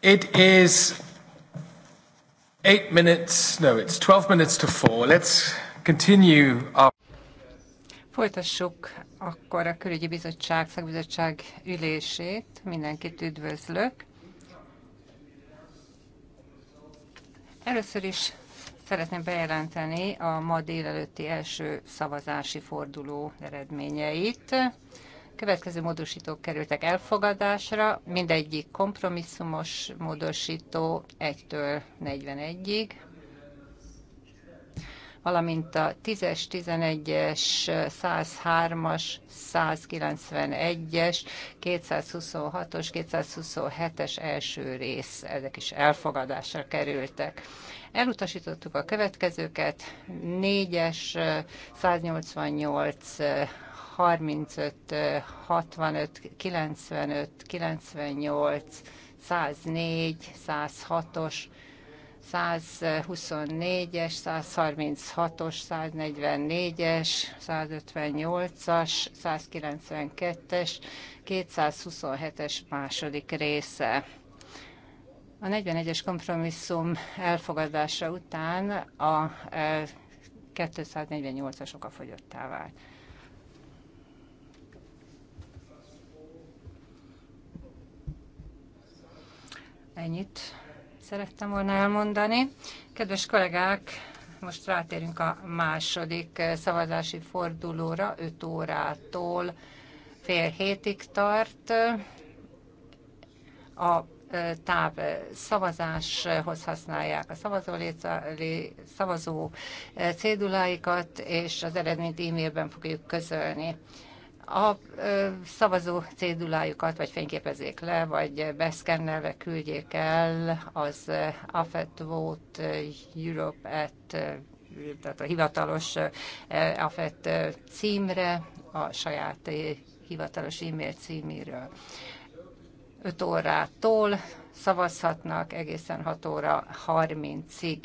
It is eight minutes, no, it's 12 minutes to four. Let's continue our... Folytassuk akkor a Külügyi Bizottság, Szakbizottság ülését. Mindenkit üdvözlök. Először is szeretném bejelenteni a ma délelőtti első szavazási forduló eredményeit következő módosítók kerültek elfogadásra, mindegyik kompromisszumos módosító 1-től 41-ig, valamint a 10-es, 11-es, 103-as, 191-es, 226-os, 227-es első rész, ezek is elfogadásra kerültek. Elutasítottuk a következőket, 4-es, 188 35, 65, 95, 98, 104, 106-os, 124-es, 136-os, 144-es, 158-as, 192-es, 227-es második része. A 41-es kompromisszum elfogadása után a 248-as fogyottá vált. Ennyit szerettem volna elmondani. Kedves kollégák, most rátérünk a második eh, szavazási fordulóra, 5 órától fél hétig tart. Eh, a eh, táv szavazáshoz használják a szavazó, szavazó céduláikat, és az eredményt e-mailben fogjuk közölni a szavazó cédulájukat vagy fényképezzék le, vagy beszkennelve küldjék el az AFET Vote Europe at tehát a hivatalos AFET címre, a saját hivatalos e-mail címéről. 5 órától szavazhatnak egészen 6 óra 30-ig.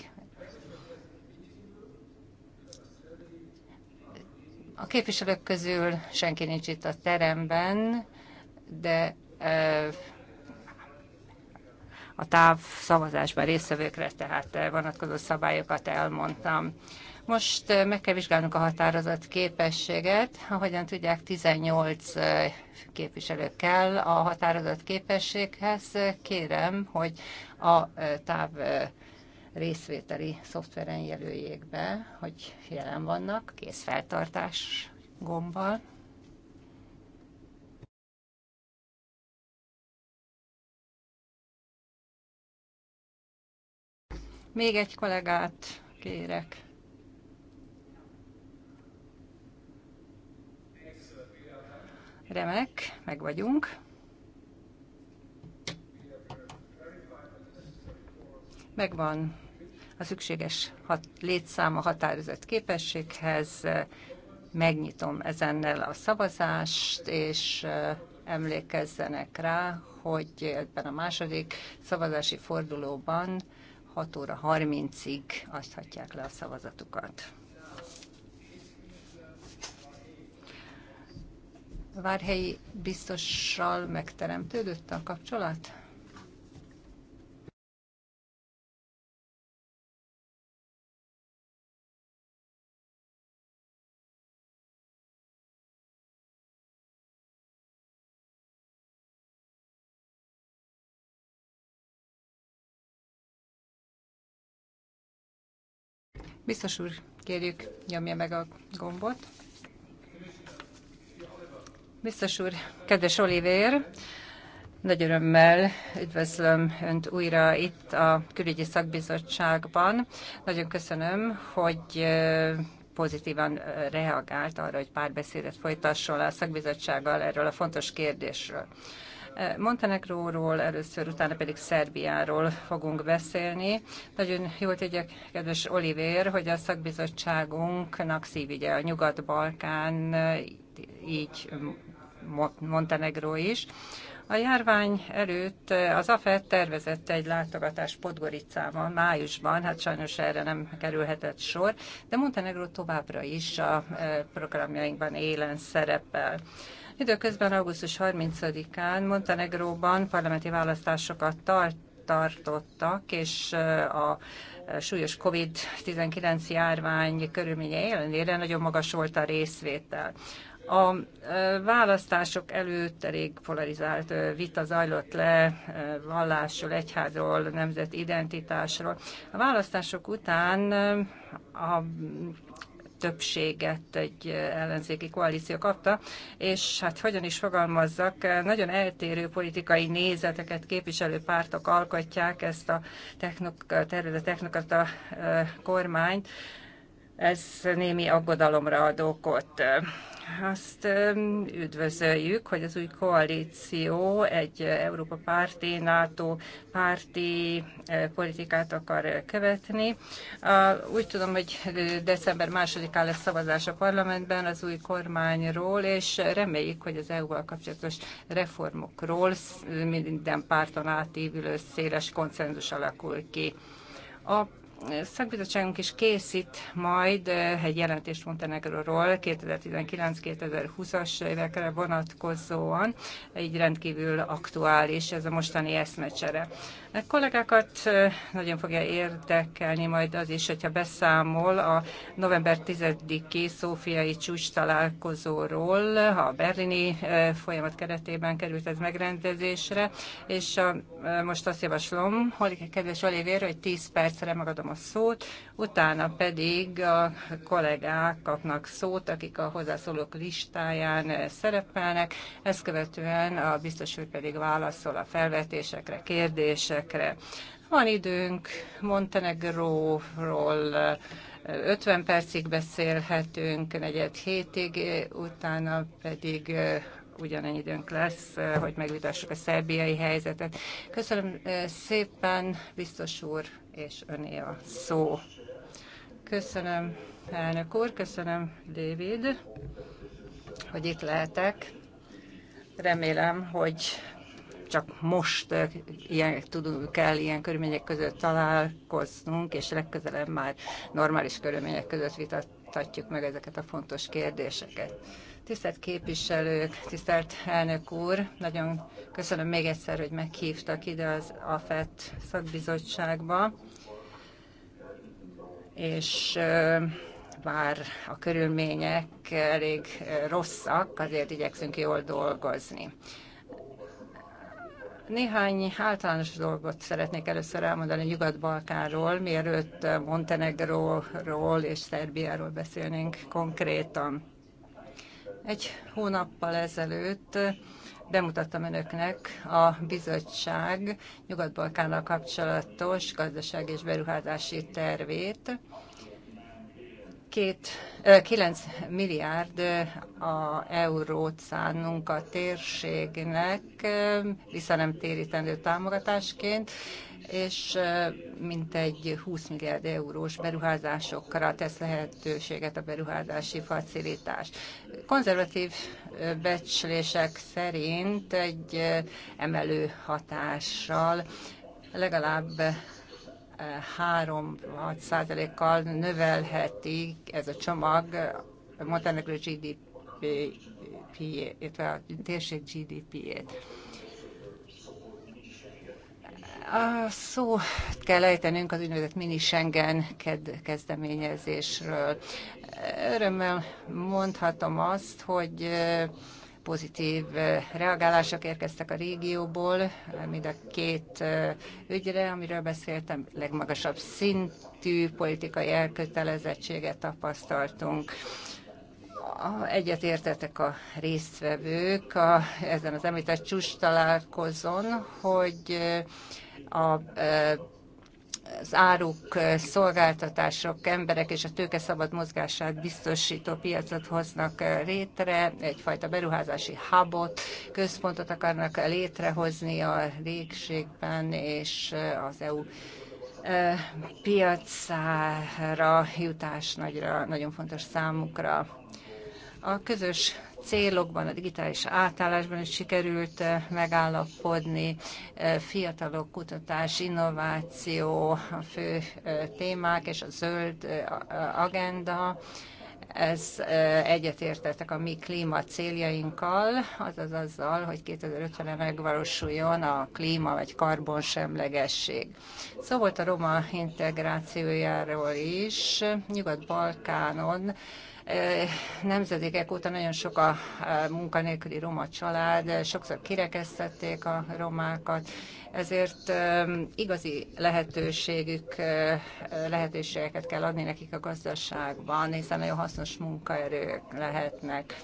A képviselők közül senki nincs itt a teremben, de a távszavazásban résztvevőkre, tehát vonatkozó szabályokat elmondtam. Most meg kell vizsgálnunk a határozat képességet. Ahogyan tudják, 18 képviselő kell a határozat képességhez. Kérem, hogy a táv részvételi szoftveren jelöljék be, hogy jelen vannak, kész feltartás gombbal. Még egy kollégát kérek. Remek, meg vagyunk. Megvan a szükséges hat, létszám a határozott képességhez. Megnyitom ezennel a szavazást, és emlékezzenek rá, hogy ebben a második szavazási fordulóban 6 óra 30-ig adhatják le a szavazatukat. Várhelyi biztossal megteremtődött a kapcsolat? Biztos úr, kérjük, nyomja meg a gombot. Biztos úr, kedves Olivér, nagy örömmel üdvözlöm Önt újra itt a Külügyi Szakbizottságban. Nagyon köszönöm, hogy pozitívan reagált arra, hogy párbeszédet folytasson a szakbizottsággal erről a fontos kérdésről. Eh, Montenegróról, először utána pedig Szerbiáról fogunk beszélni. Nagyon jól tegye, kedves Olivér, hogy a szakbizottságunknak szívügye a Nyugat-Balkán, eh, így Montenegró is. A járvány előtt eh, az AFET tervezett egy látogatást Podgoricában májusban, hát sajnos erre nem kerülhetett sor, de Montenegro továbbra is a programjainkban élen szerepel. Időközben augusztus 30-án Montenegróban parlamenti választásokat tart, tartottak, és a súlyos COVID-19 járvány körülményei ellenére nagyon magas volt a részvétel. A választások előtt elég polarizált vita zajlott le vallásról, egyházról, nemzeti identitásról. A választások után a többséget egy ellenzéki koalíció kapta, és hát hogyan is fogalmazzak, nagyon eltérő politikai nézeteket képviselő pártok alkotják ezt a technokrata a kormányt, ez némi aggodalomra ad okot. Azt üdvözöljük, hogy az új koalíció egy Európa párti, NATO párti politikát akar követni. Úgy tudom, hogy december másodikán lesz szavazás a parlamentben az új kormányról, és reméljük, hogy az EU-val kapcsolatos reformokról minden párton átívülő széles konszenzus alakul ki. A szakbizottságunk is készít majd egy jelentést Montenegróról 2019-2020-as évekre vonatkozóan, így rendkívül aktuális ez a mostani eszmecsere. A kollégákat nagyon fogja érdekelni majd az is, hogyha beszámol a november 10-i szófiai csúcs találkozóról, a berlini folyamat keretében került ez megrendezésre, és a, most azt javaslom, hogy kedves Olivér, hogy 10 percre megadom a szót, utána pedig a kollégák kapnak szót, akik a hozzászólók listáján szerepelnek, ezt követően a biztos úr pedig válaszol a felvetésekre, kérdésekre. Van időnk Montenegróról, 50 percig beszélhetünk, negyed hétig, utána pedig ugyanennyi időnk lesz, eh, hogy megvitassuk a szerbiai helyzetet. Köszönöm eh, szépen, biztos úr, és öné a szó. Köszönöm, elnök úr, köszönöm, David, hogy itt lehetek. Remélem, hogy csak most eh, ilyen, tudunk, kell ilyen körülmények között találkoznunk, és legközelebb már normális körülmények között vitathatjuk meg ezeket a fontos kérdéseket. Tisztelt képviselők, tisztelt elnök úr, nagyon köszönöm még egyszer, hogy meghívtak ide az AFET szakbizottságba, és bár a körülmények elég rosszak, azért igyekszünk jól dolgozni. Néhány általános dolgot szeretnék először elmondani Nyugat-Balkánról, mielőtt Montenegróról és Szerbiáról beszélnénk konkrétan. Egy hónappal ezelőtt bemutattam önöknek a bizottság Nyugat-Balkánnal kapcsolatos gazdaság és beruházási tervét. Két, 9 milliárd a eurót szánunk a térségnek visszanemtérítendő nem térítendő támogatásként, és mintegy 20 milliárd eurós beruházásokra tesz lehetőséget a beruházási facilitás. Konzervatív becslések szerint egy emelő hatással legalább 3-6 százalékkal növelheti ez a csomag Montenegro GDP, jét a térség GDP-ét. A szó kell ejtenünk az úgynevezett mini Schengen kezdeményezésről. Örömmel mondhatom azt, hogy pozitív reagálások érkeztek a régióból, mind a két ügyre, amiről beszéltem, legmagasabb szintű politikai elkötelezettséget tapasztaltunk egyetértettek a résztvevők a, ezen az említett csúcs találkozón, hogy a az áruk, szolgáltatások, emberek és a tőke szabad mozgását biztosító piacot hoznak létre, egyfajta beruházási hubot, központot akarnak létrehozni a régségben, és az EU piacára jutás nagyra, nagyon fontos számukra. A közös célokban, a digitális átállásban is sikerült eh, megállapodni. Eh, fiatalok, kutatás, innováció a fő eh, témák, és a zöld agenda ez egyetértettek a mi klíma céljainkkal, azaz azzal, hogy 2050-re megvalósuljon a klíma vagy karbonsemlegesség. Szó szóval volt a roma integrációjáról is, Nyugat-Balkánon nemzedékek óta nagyon sok a munkanélküli roma család, sokszor kirekesztették a romákat, ezért igazi lehetőségük, lehetőségeket kell adni nekik a gazdaságban, hiszen nagyon hasznos munkaerők lehetnek.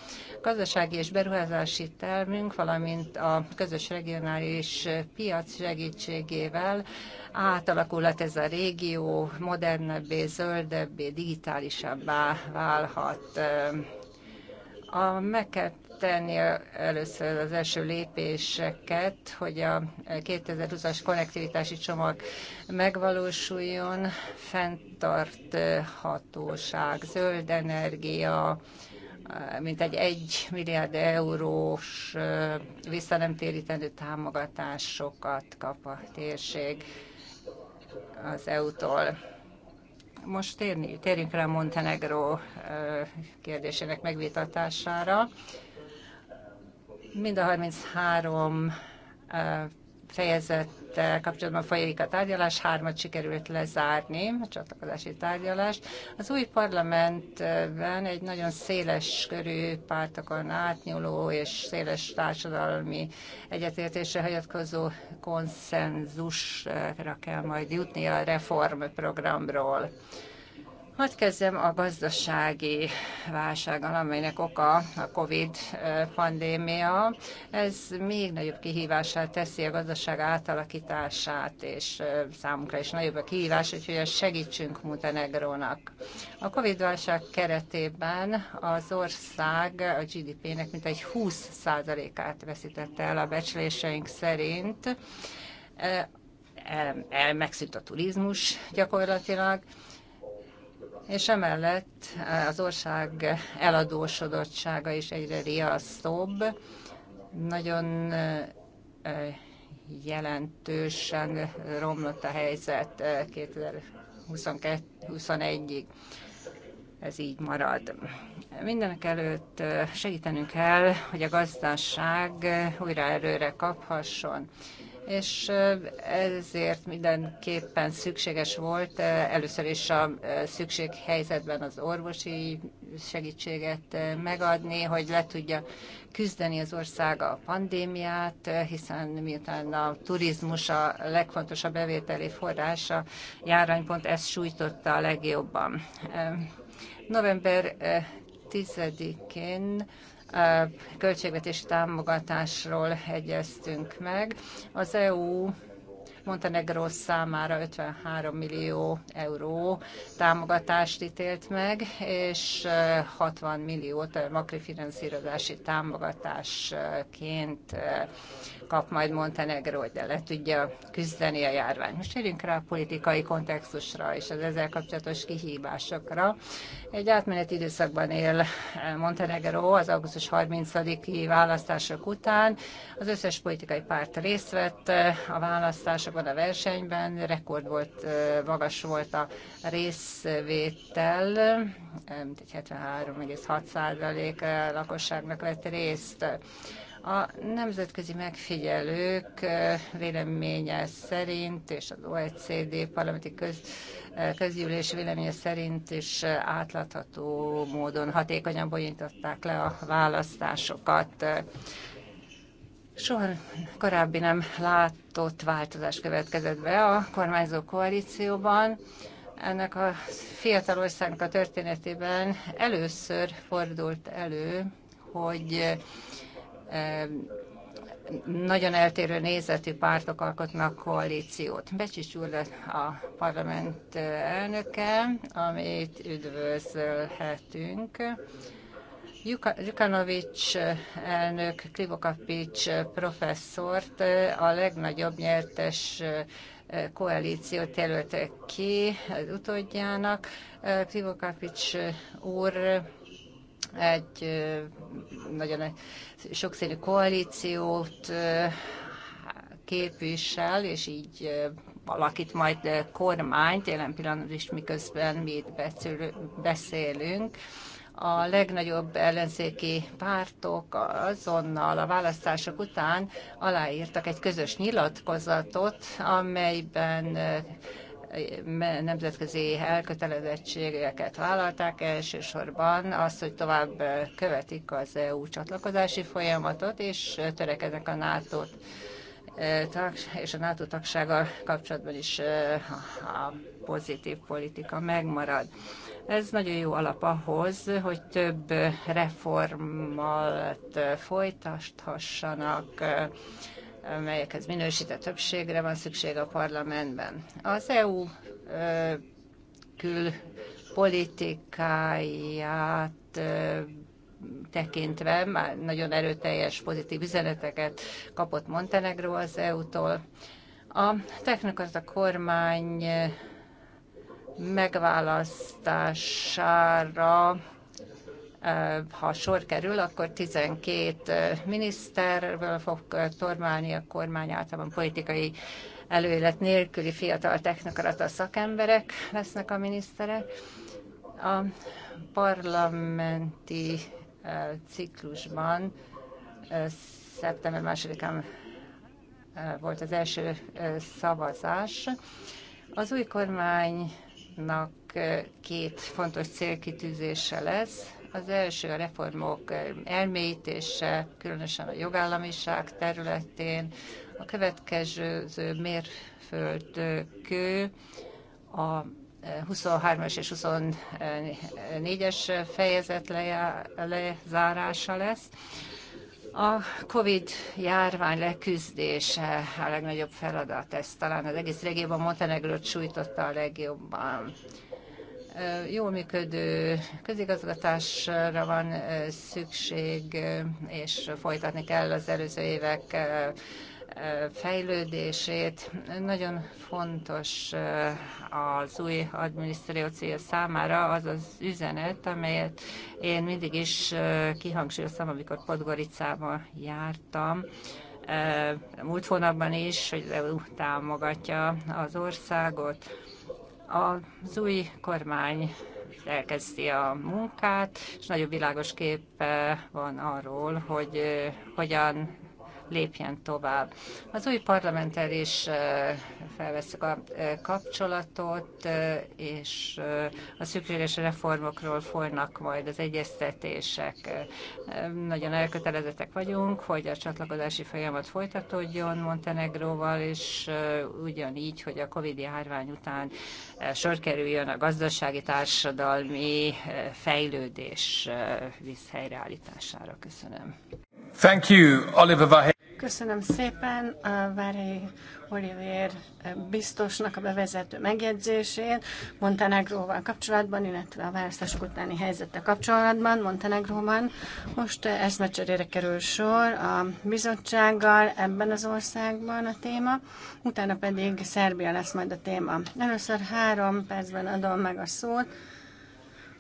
Gazdasági és beruházási tervünk, valamint a közös regionális piac segítségével átalakulhat ez a régió, modernebbé, zöldebbé, digitálisabbá válhat. A, meg kell tenni először az első lépéseket, hogy a 2020-as konnektivitási csomag megvalósuljon, fenntarthatóság, zöld energia, mint egy milliárd eurós visszanemtérítendő támogatásokat kap a térség az EU-tól. Most térni, térjünk rá Montenegro kérdésének megvitatására. Mind a 33 fejezettel kapcsolatban folyik a tárgyalás, hármat sikerült lezárni, a csatlakozási tárgyalást. Az új parlamentben egy nagyon széles körű pártokon átnyúló és széles társadalmi egyetértésre hagyatkozó konszenzusra kell majd jutni a reformprogramról. Hadd kezdjem a gazdasági válsággal, amelynek oka a COVID pandémia. Ez még nagyobb kihívását teszi a gazdaság átalakítását, és számunkra is nagyobb a kihívás, úgyhogy segítsünk Montenegrónak. A COVID válság keretében az ország a GDP-nek mintegy 20%-át veszítette el a becsléseink szerint. El, el megszűnt a turizmus gyakorlatilag, és emellett eh, az ország eladósodottsága is egyre riasztóbb. Nagyon eh, eh, jelentősen romlott a helyzet 2021-ig. Ez így marad. Mindenek előtt segítenünk kell, hogy a gazdaság újra erőre kaphasson és ezért mindenképpen szükséges volt először is a szükséghelyzetben az orvosi segítséget megadni, hogy le tudja küzdeni az ország a pandémiát, hiszen miután a turizmus a legfontosabb bevételi forrása a pont ezt sújtotta a legjobban. November 10-én költségvetési támogatásról egyeztünk meg. Az EU Montenegró számára 53 millió euró támogatást ítélt meg, és 60 milliót makrifinanszírozási támogatásként kap majd Montenegró, hogy le tudja küzdeni a járvány. Most érjünk rá a politikai kontextusra és az ezzel kapcsolatos kihívásokra. Egy átmeneti időszakban él Montenegró az augusztus 30-i választások után. Az összes politikai párt részt vett a választásokban, van a versenyben, rekord volt, magas volt a részvétel, 73,6% lakosságnak vett részt. A nemzetközi megfigyelők véleménye szerint, és az OECD parlamenti köz, közgyűlés véleménye szerint is átlátható módon hatékonyan bonyították le a választásokat. Soha korábbi nem látott változás következett be a kormányzó koalícióban. Ennek a fiatal országnak a történetében először fordult elő, hogy eh, nagyon eltérő nézetű pártok alkotnak koalíciót. Becsics úr a parlament eh, elnöke, amit üdvözölhetünk Jukanovics eh, elnök, Krivokapics eh, professzort eh, a legnagyobb nyertes koalíciót jelölte ki az utódjának. Krivokapics úr egy nagyon sokszínű koalíciót képvisel, és így alakít majd kormányt, jelen pillanatban is miközben mi itt beszélünk a legnagyobb ellenzéki pártok azonnal a választások után aláírtak egy közös nyilatkozatot, amelyben eh, nemzetközi elkötelezettségeket vállalták, elsősorban azt, hogy tovább követik az EU csatlakozási folyamatot, és törekednek a nato eh, és a NATO tagsággal kapcsolatban is eh, a pozitív politika megmarad. Ez nagyon jó alap ahhoz, hogy több reformmal folytathassanak, melyekhez minősített többségre van szükség a parlamentben. Az EU külpolitikáját tekintve már nagyon erőteljes pozitív üzeneteket kapott Montenegro az EU-tól. A technokrata kormány megválasztására ha sor kerül, akkor 12 miniszterből fog tormálni a kormány általában politikai előélet nélküli fiatal technokrata szakemberek lesznek a miniszterek. A parlamenti ciklusban szeptember másodikán volt az első szavazás. Az új kormány reformnak két fontos célkitűzése lesz. Az első a reformok elmélyítése, különösen a jogállamiság területén. A következő mérföldkő a 23-as és 24-es fejezet lezárása lesz. A COVID járvány leküzdése a legnagyobb feladat, ez talán az egész régióban Montenegrót sújtotta a legjobban. Jól működő közigazgatásra van szükség, és folytatni kell az előző évek fejlődését. Nagyon fontos az új adminisztráció számára az az üzenet, amelyet én mindig is kihangsúlyoztam, amikor Podgoricában jártam, múlt hónapban is, hogy az EU támogatja az országot. Az új kormány elkezdi a munkát, és nagyon világos kép van arról, hogy hogyan lépjen tovább. Az új parlamenttel is felveszek a kapcsolatot, és a szükséges reformokról folynak majd az egyeztetések. Nagyon elkötelezettek vagyunk, hogy a csatlakozási folyamat folytatódjon Montenegróval, és ugyanígy, hogy a Covid-járvány után sor kerüljön a gazdasági, társadalmi fejlődés visszhelyreállítására. Köszönöm. Thank you, Oliver Vahe. Köszönöm szépen a Várhelyi Olivér biztosnak a bevezető megjegyzését Montenegróval kapcsolatban, illetve a választások utáni helyzette kapcsolatban Montenegróban. Most eszmecserére kerül sor a bizottsággal ebben az országban a téma, utána pedig Szerbia lesz majd a téma. Először három percben adom meg a szót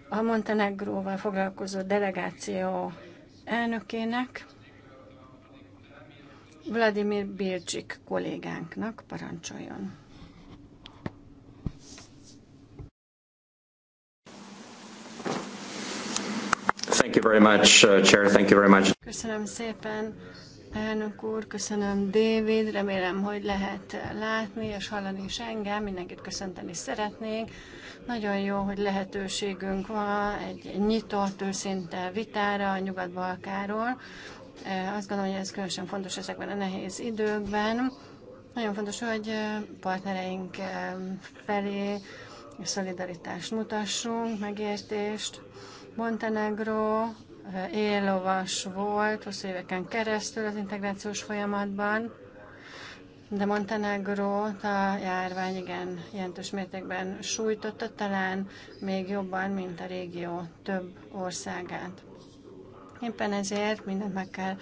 a Montenegróval foglalkozó delegáció elnökének, Vladimir Bircsik kollégánknak parancsoljon. Thank you very much, uh, Chair. Thank you very much. Köszönöm szépen, elnök úr, köszönöm David, remélem, hogy lehet látni és hallani is engem, mindenkit köszönteni szeretnék. Nagyon jó, hogy lehetőségünk van egy nyitott, őszinte vitára a Nyugat-Balkáról. Azt gondolom, hogy ez különösen fontos ezekben a nehéz időkben. Nagyon fontos, hogy partnereink felé szolidaritást mutassunk, megértést. Montenegro éllovas volt hosszú éveken keresztül az integrációs folyamatban, de Montenegro a járvány igen jelentős mértékben sújtotta, talán még jobban, mint a régió több országát. Éppen ezért mindent meg kell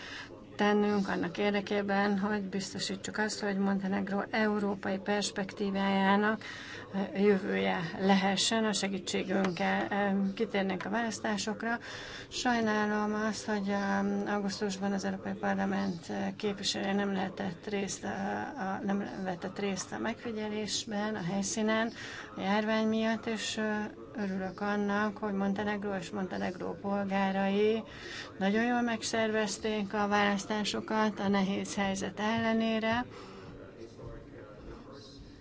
tennünk annak érdekében, hogy biztosítsuk azt, hogy Montenegro európai perspektívájának jövője lehessen a segítségünkkel. Kitérnek a választásokra. Sajnálom azt, hogy augusztusban az Európai Parlament képviselője nem lehetett részt a, a, nem vetett részt a megfigyelésben, a helyszínen, a járvány miatt, és Örülök annak, hogy Montenegró és Montenegró polgárai nagyon jól megszervezték a választásokat a nehéz helyzet ellenére.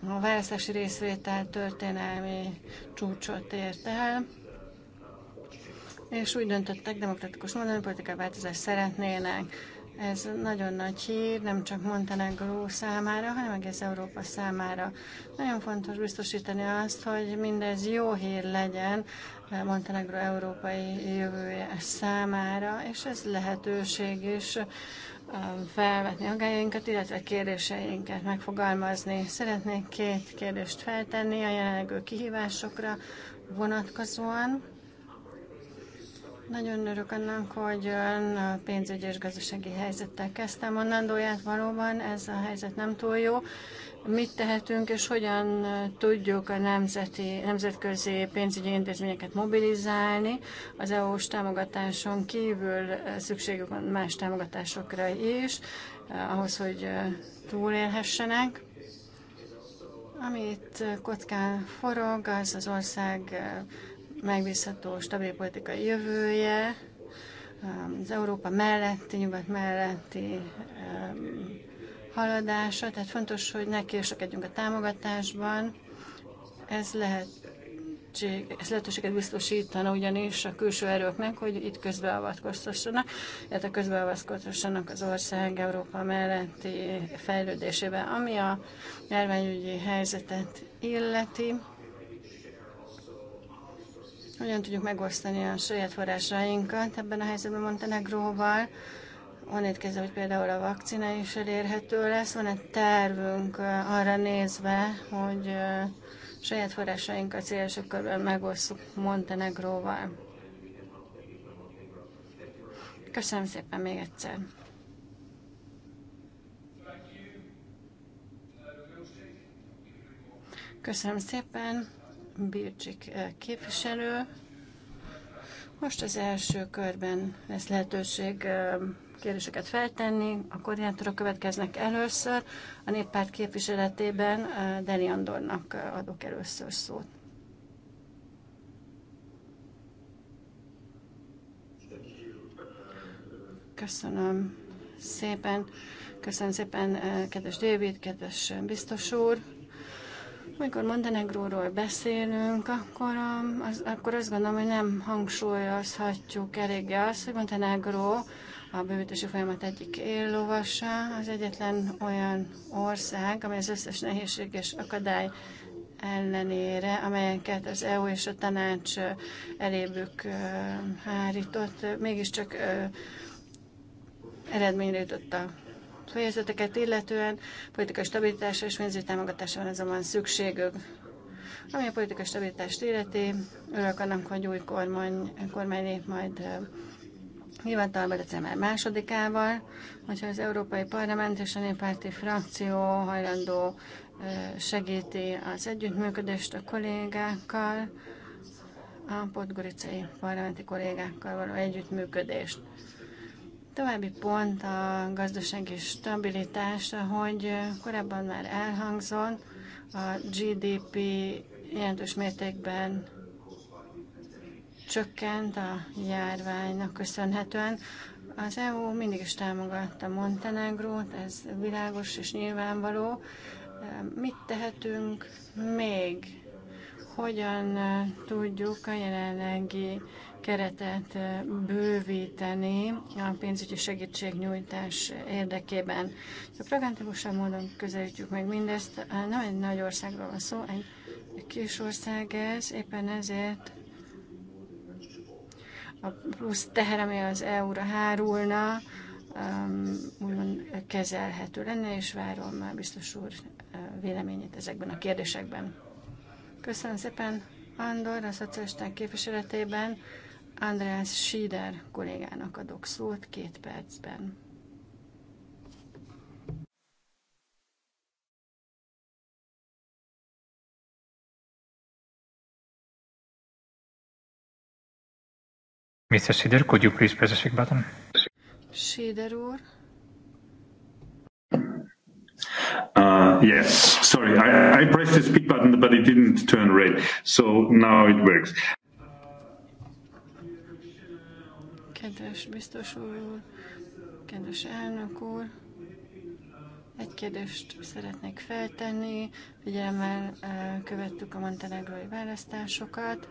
A választási részvétel történelmi csúcsot ért el, és úgy döntöttek, demokratikus mondani, politikai változást szeretnének. Ez nagyon nagy hír, nem csak Montenegro számára, hanem egész Európa számára. Nagyon fontos biztosítani azt, hogy mindez jó hír legyen Montenegro európai jövője számára, és ez lehetőség is felvetni aggájainkat, illetve kérdéseinket megfogalmazni. Szeretnék két kérdést feltenni a jelenlegő kihívásokra vonatkozóan. Nagyon örök annak, hogy ön a pénzügyi és gazdasági helyzettel kezdtem mondandóját. Valóban ez a helyzet nem túl jó. Mit tehetünk, és hogyan tudjuk a nemzeti, nemzetközi pénzügyi intézményeket mobilizálni? Az EU-s támogatáson kívül szükségük van más támogatásokra is, eh, ahhoz, hogy eh, túlélhessenek. Amit kockán forog, az az ország eh, megbízható, stabil politikai jövője, um, az Európa melletti, nyugat melletti um, haladása, tehát fontos, hogy ne késlekedjünk a támogatásban. Ez lehet ez lehetőséget biztosítana ugyanis a külső erőknek, hogy itt közbeavatkoztassanak, illetve közbeavatkoztassanak az ország Európa melletti fejlődésébe. Ami a járványügyi helyzetet illeti, hogyan tudjuk megosztani a saját forrásainkat ebben a helyzetben Montenegróval. Onnét kezdve, hogy például a vakcina is elérhető lesz. Van egy tervünk eh, arra nézve, hogy eh, saját forrásainkat szélesebb körben megosztjuk Montenegróval. Köszönöm szépen még egyszer. Köszönöm szépen. Bircsik eh, képviselő. Most az első körben lesz lehetőség eh, kérdéseket feltenni. A koordinátorok következnek először. A néppárt képviseletében eh, Deli Andornak adok először szót. Köszönöm szépen. Köszönöm szépen, kedves David, kedves biztos úr. Amikor Montenegróról beszélünk, akkor, um, az, akkor azt gondolom, hogy nem hangsúlyozhatjuk eléggé azt, hogy Montenegró a bővítési folyamat egyik éllovasa, az egyetlen olyan ország, amely az összes nehézség és akadály ellenére, amelyeket az EU és a tanács elébük hárított, mégiscsak eredményre jutott a fejezeteket illetően politikai stabilitásra és pénzügyi támogatásra van azonban szükségük. Ami a politikai stabilitást illeti, örülök annak, hogy új kormány, kormány lép majd eh, hivatalba december másodikával, hogyha az Európai Parlament és a Néppárti frakció hajlandó eh, segíti az együttműködést a kollégákkal, a podgoricai parlamenti kollégákkal való együttműködést. További pont a gazdasági stabilitás, ahogy korábban már elhangzott, a GDP jelentős mértékben csökkent a járványnak köszönhetően. Az EU mindig is támogatta Montenegrót, ez világos és nyilvánvaló. Mit tehetünk még? Hogyan tudjuk a jelenlegi keretet bővíteni a pénzügyi segítségnyújtás érdekében. A pragmatikusabb módon közelítjük meg mindezt, nem egy nagy országról van szó, egy kis ország ez, éppen ezért a plusz teher, ami az EU-ra hárulna, um, úgymond kezelhető lenne, és várom már biztos úr véleményét ezekben a kérdésekben. Köszönöm szépen, Andor, a szocialisták képviseletében. András Síder kollégának adok szót két percben. Mr. Sider, could you please press the speak button? Sider úr. Uh, yes, sorry, I, I pressed the speak button, but it didn't turn red. So now it works. Kedves biztos úr, kedves elnök úr, egy kérdést szeretnék feltenni. Figyelemmel eh, követtük a montenegrói választásokat,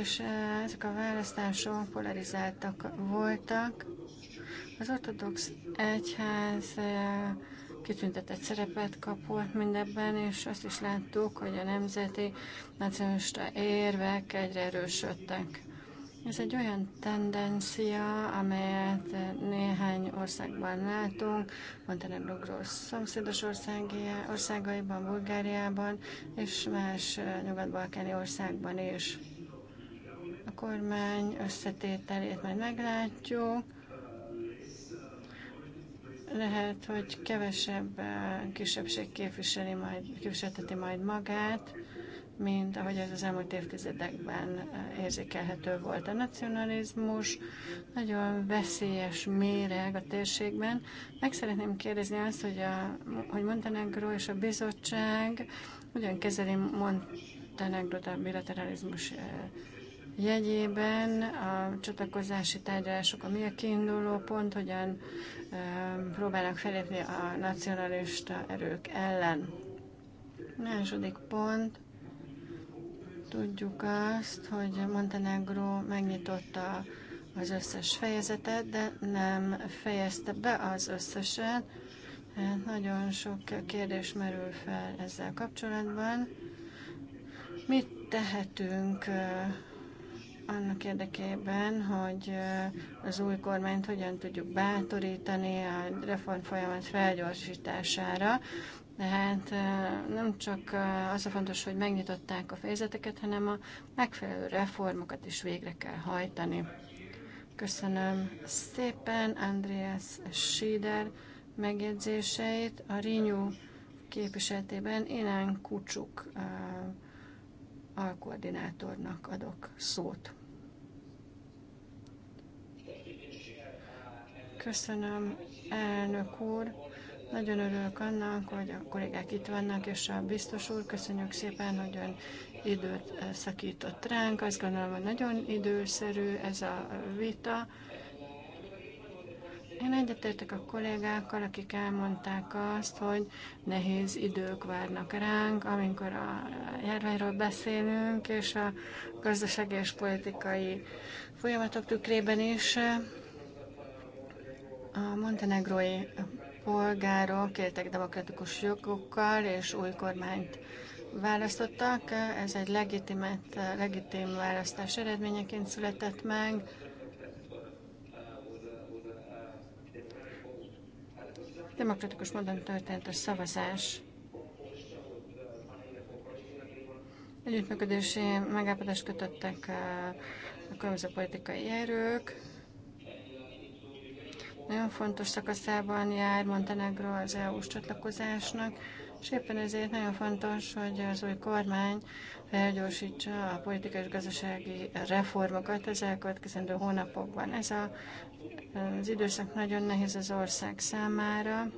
és eh, ezek a választások polarizáltak voltak. Az ortodox egyház eh, kitüntetett szerepet kapott mindebben, és azt is láttuk, hogy a nemzeti nacionalista érvek egyre erősödtek. Ez egy olyan tendencia, amelyet néhány országban látunk, Montenegro szomszédos országaiban, Bulgáriában és más nyugat-balkáni országban is. A kormány összetételét majd meglátjuk. Lehet, hogy kevesebb kisebbség képviseli majd, képviselteti majd magát, mint ahogy ez az elmúlt évtizedekben eh, érzékelhető volt. A nacionalizmus nagyon veszélyes méreg a térségben. Meg szeretném kérdezni azt, hogy, a, hogy Montenegro és a bizottság ugyan kezeli Montenegrót a bilateralizmus eh, jegyében a csatlakozási tárgyalások, mi a kiinduló pont, hogyan eh, próbálnak felépni a nacionalista erők ellen. második pont, Tudjuk azt, hogy Montenegro megnyitotta az összes fejezetet, de nem fejezte be az összeset. Nagyon sok kérdés merül fel ezzel kapcsolatban. Mit tehetünk eh, annak érdekében, hogy eh, az új kormányt hogyan tudjuk bátorítani a reform folyamat felgyorsítására, tehát nem csak az a fontos, hogy megnyitották a fejezeteket, hanem a megfelelő reformokat is végre kell hajtani. Köszönöm szépen Andreas Schieder megjegyzéseit. A Rinyú képviseletében Inán Kucsuk alkoordinátornak adok szót. Köszönöm, elnök úr. Nagyon örülök annak, hogy a kollégák itt vannak, és a biztos úr, köszönjük szépen, hogy ön időt eh, szakított ránk. Azt gondolom, hogy nagyon időszerű ez a vita. Én egyetértek a kollégákkal, akik elmondták azt, hogy nehéz idők várnak ránk, amikor a járványról beszélünk, és a gazdasági és politikai folyamatok tükrében is a montenegrói polgárok éltek demokratikus jogokkal, és új kormányt választottak. Ez egy legitimet, legitim választás eredményeként született meg. Demokratikus módon történt a szavazás. Együttműködési megállapodást kötöttek uh, a különböző politikai erők, nagyon fontos szakaszában jár Montenegro az EU-s csatlakozásnak, és éppen ezért nagyon fontos, hogy az új kormány felgyorsítsa a politikai és gazdasági reformokat az elkövetkezendő hónapokban. Ez a, az időszak nagyon nehéz az ország számára.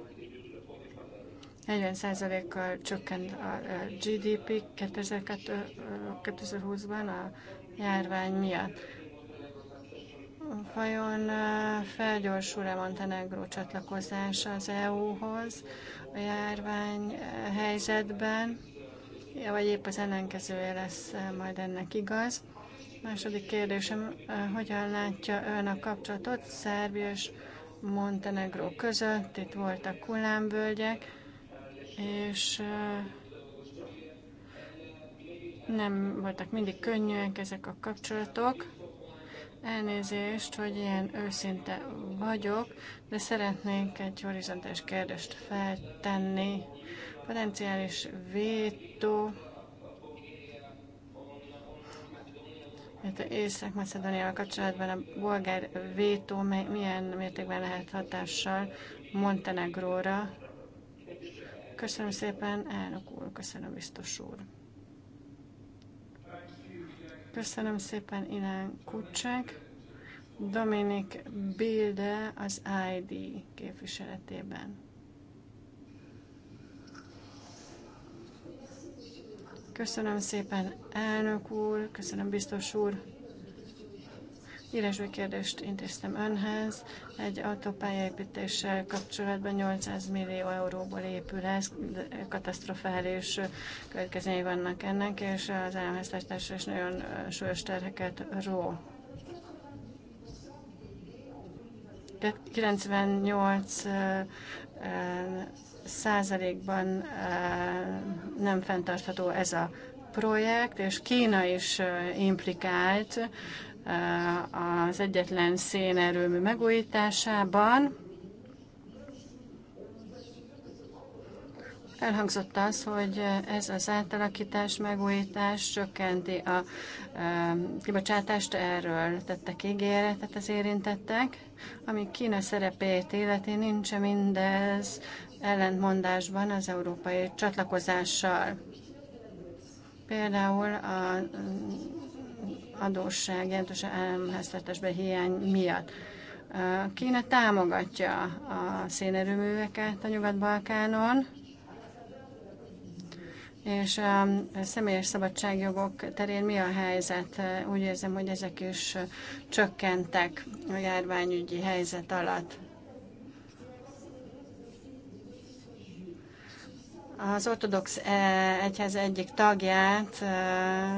40%-kal csökkent a e, GDP 2020-ban a járvány miatt. Vajon uh, felgyorsul-e Montenegro csatlakozása az EU-hoz a járvány uh, helyzetben, vagy épp az ellenkezője lesz uh, majd ennek igaz? Második kérdésem, hogyan látja ön a kapcsolatot Szerbia és Montenegró között? Itt voltak hullámvölgyek, és nem voltak mindig könnyűek ezek a kapcsolatok. Elnézést, hogy ilyen őszinte vagyok, de szeretnék egy horizontális kérdést feltenni. Potenciális vétó, hát Észak-Macedóniával kapcsolatban a bolgár vétó milyen mértékben lehet hatással Montenegróra? Köszönöm szépen, elnök úr, köszönöm biztos úr. Köszönöm szépen, Ilán Kucsák. Dominik Bilde az ID képviseletében. Köszönöm szépen, elnök úr, köszönöm biztos úr Írásbe kérdést intéztem önhez. Egy autópályaépítéssel kapcsolatban 800 millió euróból épül ez, katasztrofális következményei vannak ennek, és az államháztartásra is nagyon súlyos terheket ró. 98 százalékban nem fenntartható ez a projekt, és Kína is implikált az egyetlen szénerőmű megújításában. Elhangzott az, hogy ez az átalakítás, megújítás csökkenti a kibocsátást, erről tettek ígéretet az érintettek. Ami Kína szerepét életi nincs mindez ellentmondásban az európai csatlakozással. Például a adósság jelentős államháztartásban hiány miatt. Kína támogatja a szénerőműveket a Nyugat-Balkánon, és a személyes szabadságjogok terén mi a helyzet? Úgy érzem, hogy ezek is csökkentek a járványügyi helyzet alatt. Az ortodox eh, egyház egyik tagját eh,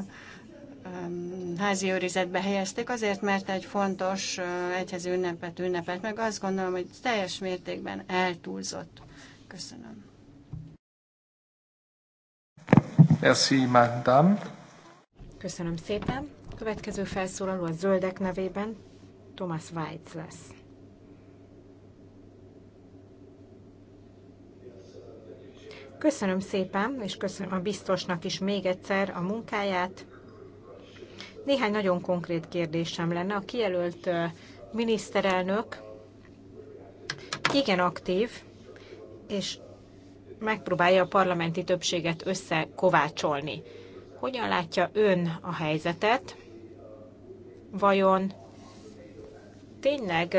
Um, házi őrizetbe helyezték, azért, mert egy fontos uh, egyhez ünnepet ünnepelt meg. Azt gondolom, hogy teljes mértékben eltúlzott. Köszönöm. Merci, madame. Köszönöm szépen. Következő felszólaló a zöldek nevében Thomas Weitz lesz. Köszönöm szépen, és köszönöm a biztosnak is még egyszer a munkáját, néhány nagyon konkrét kérdésem lenne. A kijelölt miniszterelnök igen aktív, és megpróbálja a parlamenti többséget összekovácsolni. Hogyan látja ön a helyzetet? Vajon tényleg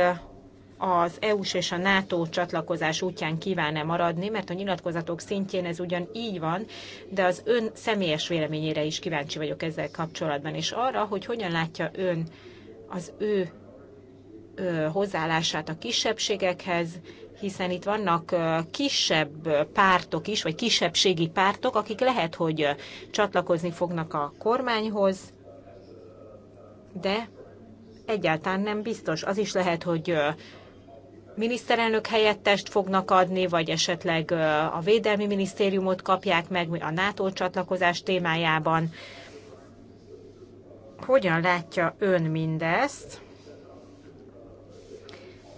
az EU-s és a NATO csatlakozás útján kíván-e maradni, mert a nyilatkozatok szintjén ez ugyan így van, de az ön személyes véleményére is kíváncsi vagyok ezzel kapcsolatban, és arra, hogy hogyan látja ön az ő ö, hozzáállását a kisebbségekhez, hiszen itt vannak kisebb pártok is, vagy kisebbségi pártok, akik lehet, hogy csatlakozni fognak a kormányhoz, de egyáltalán nem biztos. Az is lehet, hogy miniszterelnök helyettest fognak adni, vagy esetleg a Védelmi Minisztériumot kapják meg a NATO csatlakozás témájában. Hogyan látja ön mindezt?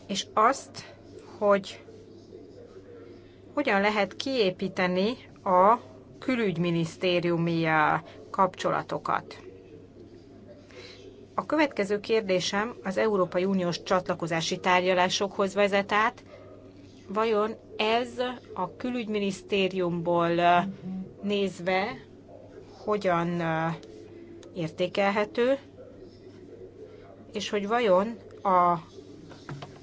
És azt, hogy hogyan lehet kiépíteni a külügyminisztériumi kapcsolatokat. A következő kérdésem az Európai Uniós csatlakozási tárgyalásokhoz vezet át. Vajon ez a külügyminisztériumból nézve hogyan értékelhető, és hogy vajon a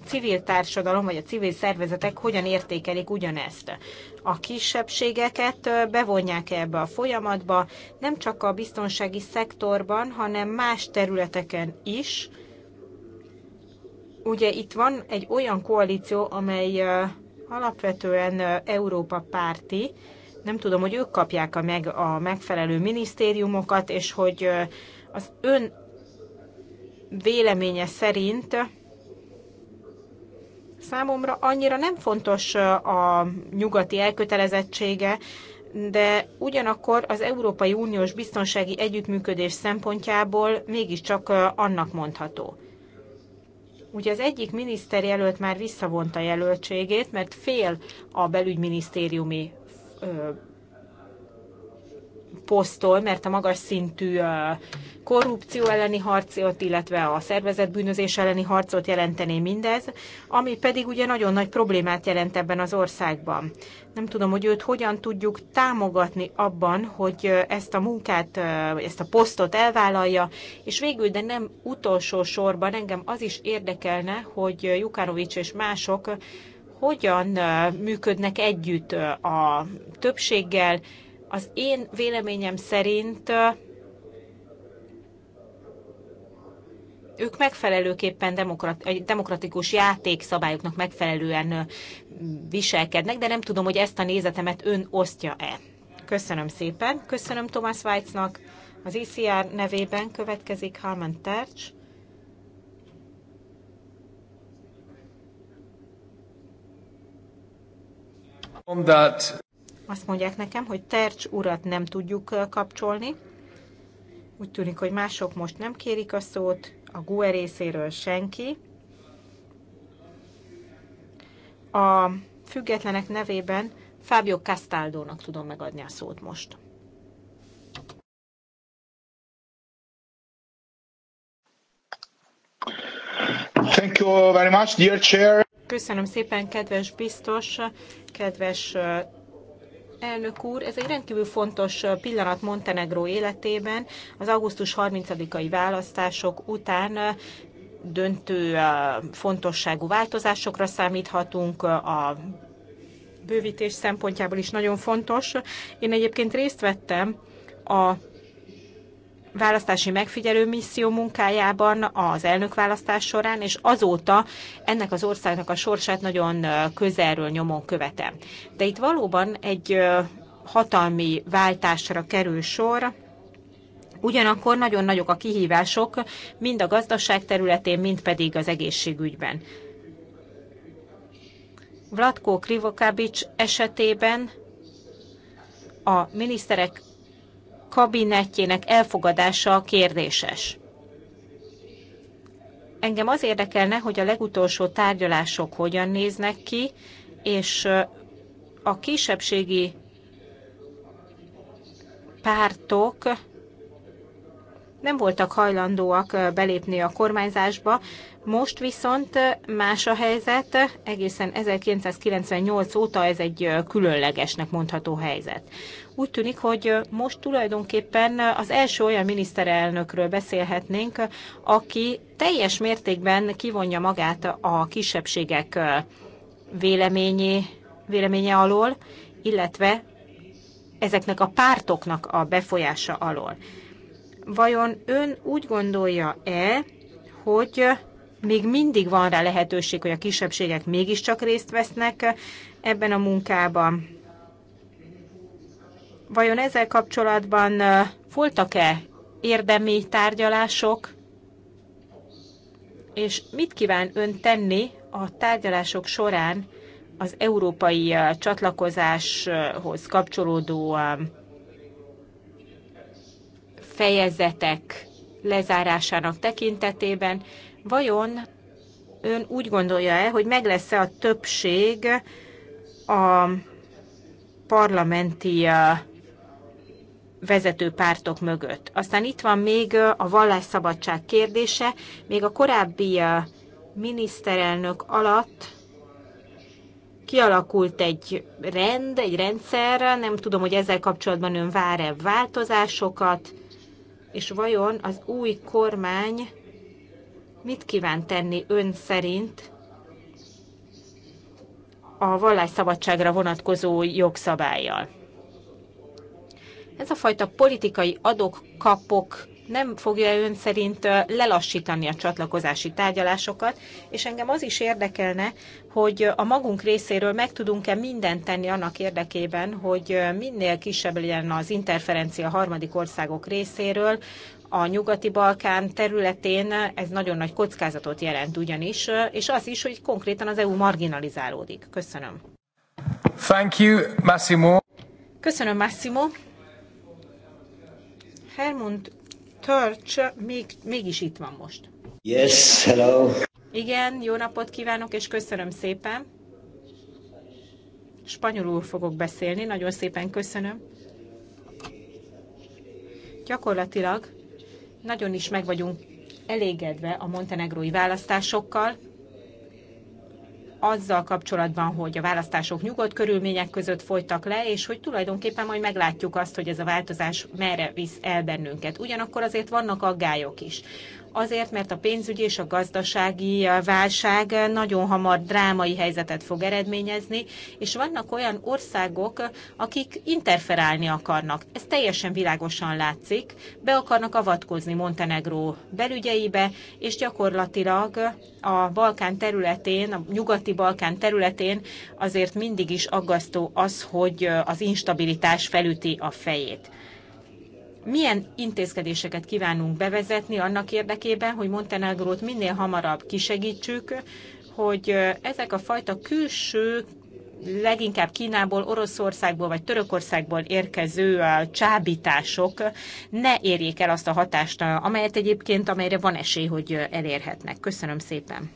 civil társadalom vagy a civil szervezetek hogyan értékelik ugyanezt. A kisebbségeket bevonják -e ebbe a folyamatba, nem csak a biztonsági szektorban, hanem más területeken is. Ugye itt van egy olyan koalíció, amely alapvetően Európa párti, nem tudom, hogy ők kapják a, meg, a megfelelő minisztériumokat, és hogy az ön véleménye szerint számomra annyira nem fontos a nyugati elkötelezettsége, de ugyanakkor az Európai Uniós biztonsági együttműködés szempontjából mégiscsak annak mondható. Ugye az egyik miniszter jelölt már visszavonta jelöltségét, mert fél a belügyminisztériumi poszttól, mert a magas szintű korrupció elleni harcot, illetve a szervezet bűnözés elleni harcot jelentené mindez, ami pedig ugye nagyon nagy problémát jelent ebben az országban. Nem tudom, hogy őt hogyan tudjuk támogatni abban, hogy ezt a munkát, ezt a posztot elvállalja, és végül, de nem utolsó sorban engem az is érdekelne, hogy Jukárovics és mások hogyan működnek együtt a többséggel, az én véleményem szerint ők megfelelőképpen demokrat, demokratikus játékszabályoknak megfelelően viselkednek, de nem tudom, hogy ezt a nézetemet ön osztja-e. Köszönöm szépen. Köszönöm Thomas Weitznak. Az ICR e nevében következik Harman Tercs. On that. Azt mondják nekem, hogy Tercs urat nem tudjuk kapcsolni. Úgy tűnik, hogy mások most nem kérik a szót, a GUE részéről senki. A függetlenek nevében Fábio Castaldónak tudom megadni a szót most. Thank you very much, dear chair. Köszönöm szépen, kedves biztos, kedves elnök úr, ez egy rendkívül fontos pillanat Montenegró életében. Az augusztus 30-ai választások után döntő fontosságú változásokra számíthatunk, a bővítés szempontjából is nagyon fontos. Én egyébként részt vettem a választási megfigyelő misszió munkájában az elnökválasztás során, és azóta ennek az országnak a sorsát nagyon közelről nyomon követem. De itt valóban egy hatalmi váltásra kerül sor, Ugyanakkor nagyon nagyok a kihívások, mind a gazdaság területén, mind pedig az egészségügyben. Vladko Krivokabics esetében a miniszterek kabinetjének elfogadása kérdéses. Engem az érdekelne, hogy a legutolsó tárgyalások hogyan néznek ki, és a kisebbségi pártok nem voltak hajlandóak belépni a kormányzásba, most viszont más a helyzet, egészen 1998 óta ez egy különlegesnek mondható helyzet. Úgy tűnik, hogy most tulajdonképpen az első olyan miniszterelnökről beszélhetnénk, aki teljes mértékben kivonja magát a kisebbségek véleményé, véleménye alól, illetve ezeknek a pártoknak a befolyása alól. Vajon ön úgy gondolja-e, hogy még mindig van rá lehetőség, hogy a kisebbségek mégiscsak részt vesznek ebben a munkában? Vajon ezzel kapcsolatban voltak-e érdemi tárgyalások? És mit kíván ön tenni a tárgyalások során az európai csatlakozáshoz kapcsolódó fejezetek lezárásának tekintetében, vajon ön úgy gondolja-e, hogy meg lesz-e a többség a parlamenti vezető pártok mögött. Aztán itt van még a vallásszabadság kérdése. Még a korábbi miniszterelnök alatt kialakult egy rend, egy rendszer, nem tudom, hogy ezzel kapcsolatban ön vár-e változásokat, és vajon az új kormány mit kíván tenni ön szerint a vallásszabadságra vonatkozó jogszabályjal. Ez a fajta politikai adok-kapok nem fogja ön szerint lelassítani a csatlakozási tárgyalásokat, és engem az is érdekelne, hogy a magunk részéről meg tudunk-e mindent tenni annak érdekében, hogy minél kisebb legyen az interferencia harmadik országok részéről, a Nyugati-Balkán területén ez nagyon nagy kockázatot jelent ugyanis, és az is, hogy konkrétan az EU marginalizálódik. Köszönöm. Thank you, Massimo. Köszönöm, Massimo. Helmut Törcs még, mégis itt van most. Yes, hello. Igen, jó napot kívánok, és köszönöm szépen. Spanyolul fogok beszélni, nagyon szépen köszönöm. Gyakorlatilag nagyon is meg vagyunk elégedve a montenegrói választásokkal, azzal kapcsolatban, hogy a választások nyugodt körülmények között folytak le, és hogy tulajdonképpen majd meglátjuk azt, hogy ez a változás merre visz el bennünket. Ugyanakkor azért vannak aggályok is azért, mert a pénzügyi és a gazdasági válság nagyon hamar drámai helyzetet fog eredményezni, és vannak olyan országok, akik interferálni akarnak. Ez teljesen világosan látszik. Be akarnak avatkozni Montenegró belügyeibe, és gyakorlatilag a Balkán területén, a nyugati Balkán területén azért mindig is aggasztó az, hogy az instabilitás felüti a fejét milyen intézkedéseket kívánunk bevezetni annak érdekében, hogy Montenegrót minél hamarabb kisegítsük, hogy ezek a fajta külső leginkább Kínából, Oroszországból vagy Törökországból érkező csábítások ne érjék el azt a hatást, amelyet egyébként, amelyre van esély, hogy elérhetnek. Köszönöm szépen.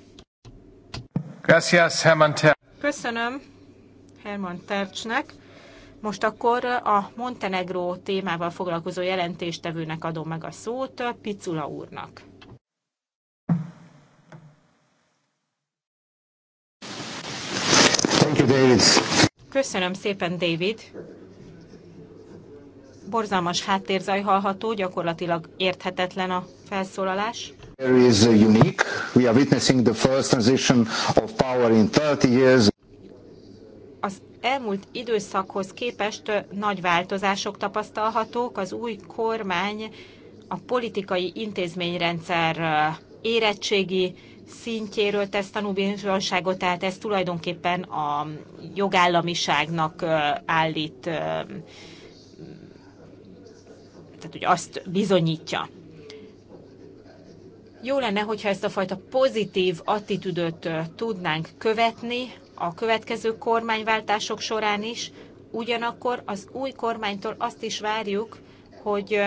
Köszönöm Herman Tercsnek. Most akkor a Montenegró témával foglalkozó jelentéstevőnek adom meg a szót, Picula úrnak. Thank you, David. Köszönöm szépen, David. Borzalmas háttérzaj hallható, gyakorlatilag érthetetlen a felszólalás. There is unique. We are witnessing the first transition of power in 30 years az elmúlt időszakhoz képest nagy változások tapasztalhatók. Az új kormány a politikai intézményrendszer érettségi szintjéről tesz tanúbizonságot, tehát ez tulajdonképpen a jogállamiságnak állít, tehát hogy azt bizonyítja. Jó lenne, hogyha ezt a fajta pozitív attitűdöt tudnánk követni, a következő kormányváltások során is, ugyanakkor az új kormánytól azt is várjuk, hogy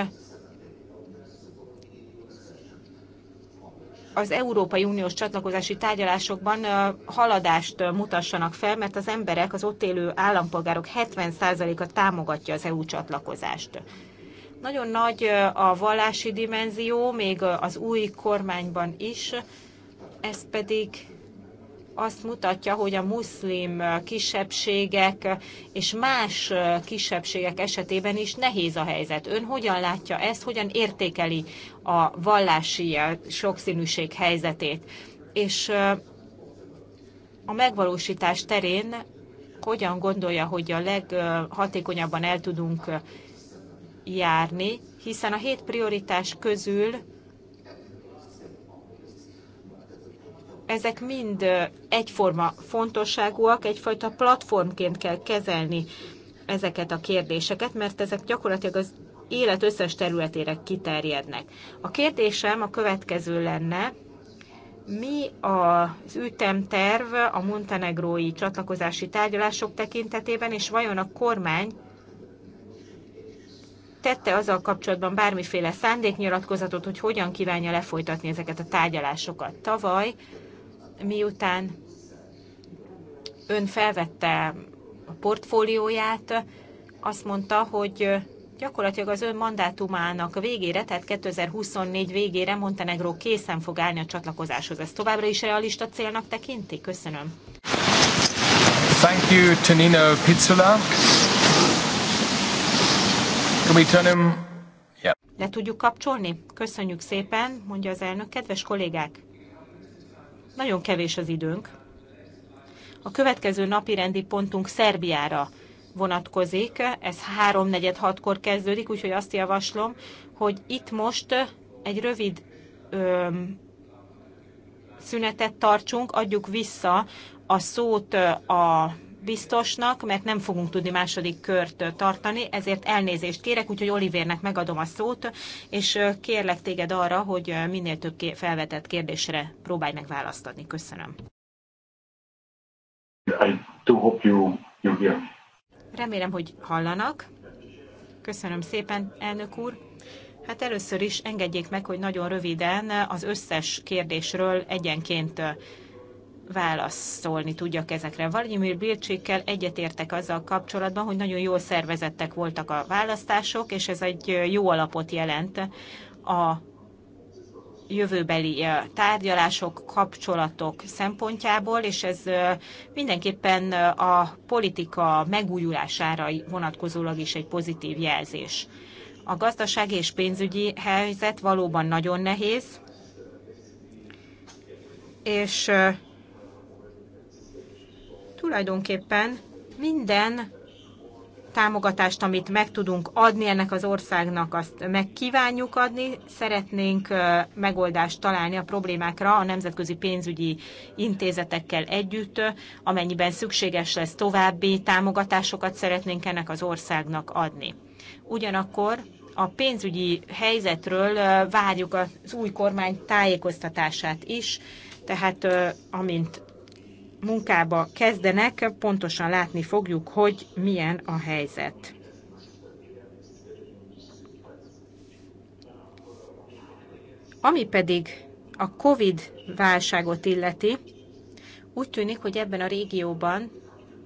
az Európai Uniós csatlakozási tárgyalásokban haladást mutassanak fel, mert az emberek, az ott élő állampolgárok 70%-a támogatja az EU csatlakozást. Nagyon nagy a vallási dimenzió, még az új kormányban is, ez pedig azt mutatja, hogy a muszlim kisebbségek és más kisebbségek esetében is nehéz a helyzet. Ön hogyan látja ezt, hogyan értékeli a vallási eh, sokszínűség helyzetét? És eh, a megvalósítás terén hogyan gondolja, hogy a leghatékonyabban el tudunk eh, járni, hiszen a hét prioritás közül ezek mind egyforma fontosságúak, egyfajta platformként kell kezelni ezeket a kérdéseket, mert ezek gyakorlatilag az élet összes területére kiterjednek. A kérdésem a következő lenne, mi az ütemterv a montenegrói csatlakozási tárgyalások tekintetében, és vajon a kormány tette azzal kapcsolatban bármiféle szándéknyilatkozatot, hogy hogyan kívánja lefolytatni ezeket a tárgyalásokat. Tavaly miután ön felvette a portfólióját, azt mondta, hogy gyakorlatilag az ön mandátumának végére, tehát 2024 végére Montenegró készen fog állni a csatlakozáshoz. Ez továbbra is realista célnak tekinti? Köszönöm. Thank you, Tonino Pizzula. Can we turn him? Yeah. Le tudjuk kapcsolni? Köszönjük szépen, mondja az elnök. Kedves kollégák, nagyon kevés az időnk. A következő napi rendi pontunk Szerbiára vonatkozik. Ez 3-4-6-kor kezdődik, úgyhogy azt javaslom, hogy itt most egy rövid öm, szünetet tartsunk, adjuk vissza a szót a biztosnak, mert nem fogunk tudni második kört tartani, ezért elnézést kérek, úgyhogy Olivérnek megadom a szót, és kérlek téged arra, hogy minél több felvetett kérdésre próbálj meg választani. Köszönöm. Remélem, hogy hallanak. Köszönöm szépen, elnök úr. Hát először is engedjék meg, hogy nagyon röviden az összes kérdésről egyenként válaszolni tudjak ezekre. Valimir Bircsékkel egyetértek azzal kapcsolatban, hogy nagyon jól szervezettek voltak a választások, és ez egy jó alapot jelent a jövőbeli tárgyalások, kapcsolatok szempontjából, és ez mindenképpen a politika megújulására vonatkozólag is egy pozitív jelzés. A gazdasági és pénzügyi helyzet valóban nagyon nehéz, és tulajdonképpen minden támogatást, amit meg tudunk adni ennek az országnak, azt megkívánjuk adni. Szeretnénk megoldást találni a problémákra a nemzetközi pénzügyi intézetekkel együtt, amennyiben szükséges lesz további támogatásokat szeretnénk ennek az országnak adni. Ugyanakkor a pénzügyi helyzetről várjuk az új kormány tájékoztatását is, tehát amint munkába kezdenek, pontosan látni fogjuk, hogy milyen a helyzet. Ami pedig a COVID válságot illeti, úgy tűnik, hogy ebben a régióban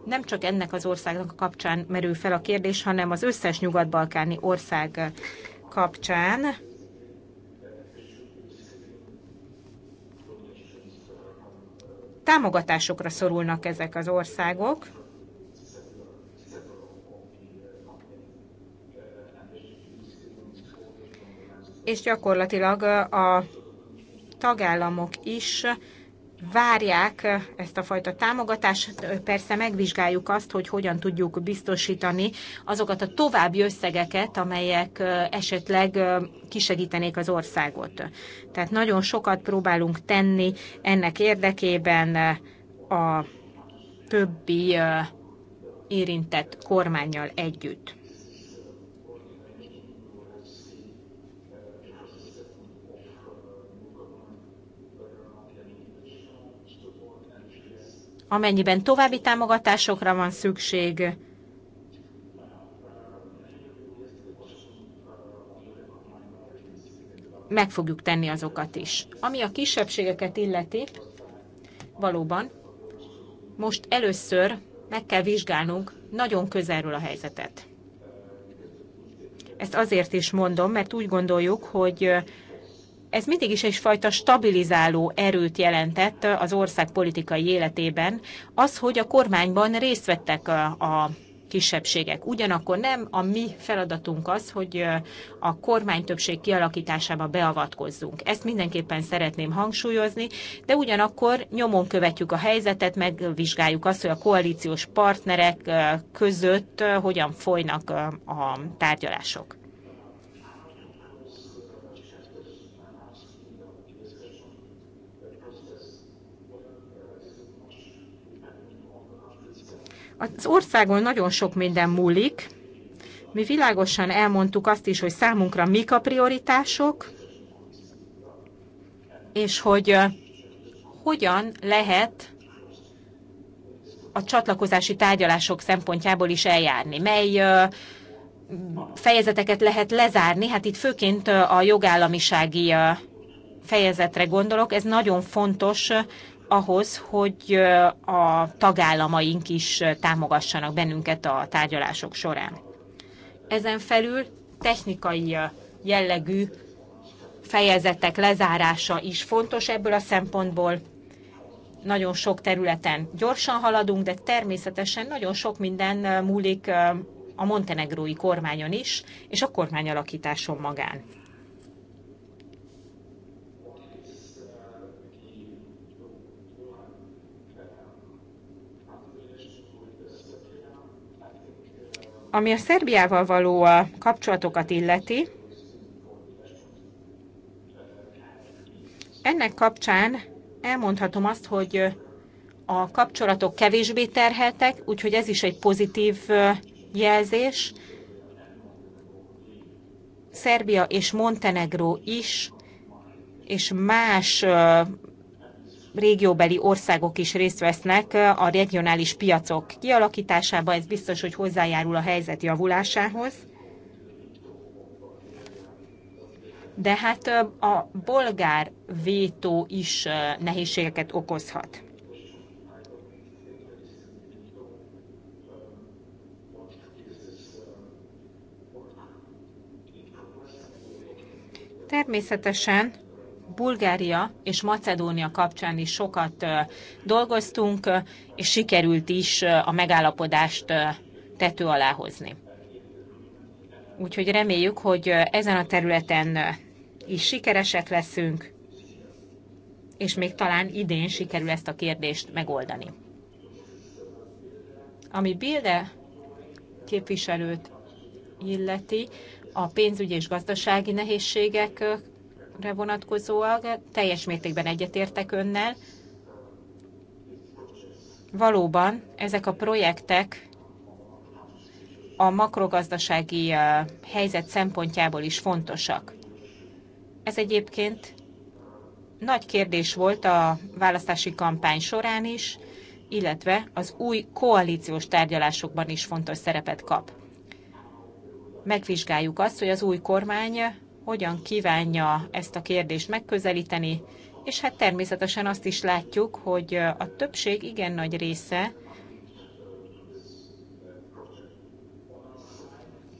nem csak ennek az országnak a kapcsán merül fel a kérdés, hanem az összes nyugat-balkáni ország kapcsán támogatásokra szorulnak ezek az országok. És gyakorlatilag a tagállamok is várják eh, ezt a fajta támogatást. Persze megvizsgáljuk azt, hogy hogyan tudjuk biztosítani azokat a további összegeket, amelyek eh, esetleg eh, kisegítenék az országot. Tehát nagyon sokat próbálunk tenni ennek érdekében a többi érintett kormányjal együtt. amennyiben további támogatásokra van szükség, meg fogjuk tenni azokat is. Ami a kisebbségeket illeti, valóban most először meg kell vizsgálnunk nagyon közelről a helyzetet. Ezt azért is mondom, mert úgy gondoljuk, hogy ez mindig is egyfajta stabilizáló erőt jelentett az ország politikai életében, az, hogy a kormányban részt vettek a kisebbségek. Ugyanakkor nem a mi feladatunk az, hogy a kormány többség kialakításába beavatkozzunk. Ezt mindenképpen szeretném hangsúlyozni, de ugyanakkor nyomon követjük a helyzetet, megvizsgáljuk azt, hogy a koalíciós partnerek között hogyan folynak a tárgyalások. Az országon nagyon sok minden múlik. Mi világosan elmondtuk azt is, hogy számunkra mik a prioritások, és hogy hogyan lehet a csatlakozási tárgyalások szempontjából is eljárni. Mely fejezeteket lehet lezárni? Hát itt főként a jogállamisági fejezetre gondolok. Ez nagyon fontos ahhoz, hogy a tagállamaink is támogassanak bennünket a tárgyalások során. Ezen felül technikai jellegű fejezetek lezárása is fontos ebből a szempontból. Nagyon sok területen gyorsan haladunk, de természetesen nagyon sok minden múlik a montenegrói kormányon is, és a kormányalakításon magán. Ami a Szerbiával való a kapcsolatokat illeti, ennek kapcsán elmondhatom azt, hogy a kapcsolatok kevésbé terheltek, úgyhogy ez is egy pozitív jelzés. Szerbia és Montenegró is, és más régióbeli országok is részt vesznek eh, a regionális piacok kialakításába, ez biztos, hogy hozzájárul a helyzet javulásához. De hát eh, a bolgár vétó is eh, nehézségeket okozhat. Természetesen Bulgária és Macedónia kapcsán is sokat dolgoztunk, és sikerült is a megállapodást tető alá hozni. Úgyhogy reméljük, hogy ezen a területen is sikeresek leszünk, és még talán idén sikerül ezt a kérdést megoldani. Ami Bilde képviselőt illeti, a pénzügyi és gazdasági nehézségek vonatkozóak teljes mértékben egyetértek önnel. Valóban ezek a projektek a makrogazdasági helyzet szempontjából is fontosak. Ez egyébként nagy kérdés volt a választási kampány során is, illetve az új koalíciós tárgyalásokban is fontos szerepet kap. Megvizsgáljuk azt, hogy az új kormány hogyan kívánja ezt a kérdést megközelíteni, és hát természetesen azt is látjuk, hogy a többség igen nagy része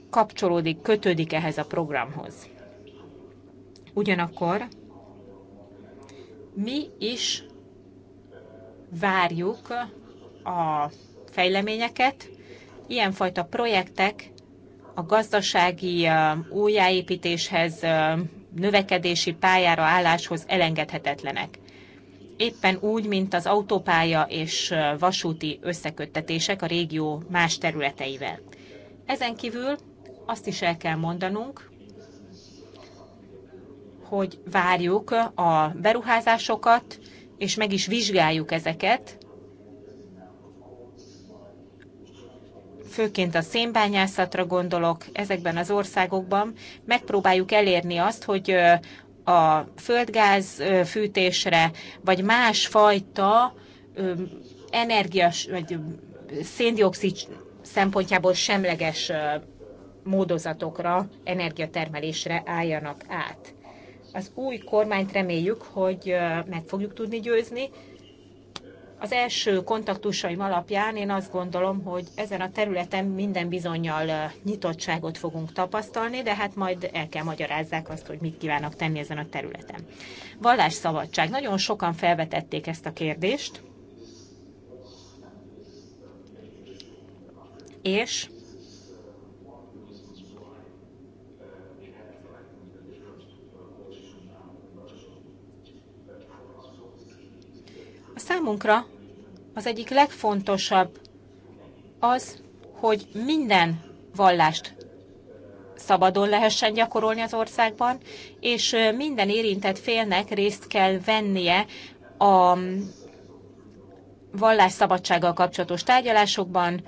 kapcsolódik, kötődik ehhez a programhoz. Ugyanakkor mi is várjuk a fejleményeket, ilyenfajta projektek a gazdasági újjáépítéshez, növekedési pályára álláshoz elengedhetetlenek. Éppen úgy, mint az autópálya és vasúti összeköttetések a régió más területeivel. Ezen kívül azt is el kell mondanunk, hogy várjuk a beruházásokat, és meg is vizsgáljuk ezeket, főként a szénbányászatra gondolok, ezekben az országokban megpróbáljuk elérni azt, hogy a földgáz fűtésre, vagy másfajta energias, vagy széndiokszid szempontjából semleges módozatokra, energiatermelésre álljanak át. Az új kormányt reméljük, hogy meg fogjuk tudni győzni, az első kontaktusaim alapján én azt gondolom, hogy ezen a területen minden bizonyal nyitottságot fogunk tapasztalni, de hát majd el kell magyarázzák azt, hogy mit kívánok tenni ezen a területen. Vallásszabadság. Nagyon sokan felvetették ezt a kérdést. És A számunkra az egyik legfontosabb az, hogy minden vallást szabadon lehessen gyakorolni az országban, és minden érintett félnek részt kell vennie a vallásszabadsággal kapcsolatos tárgyalásokban,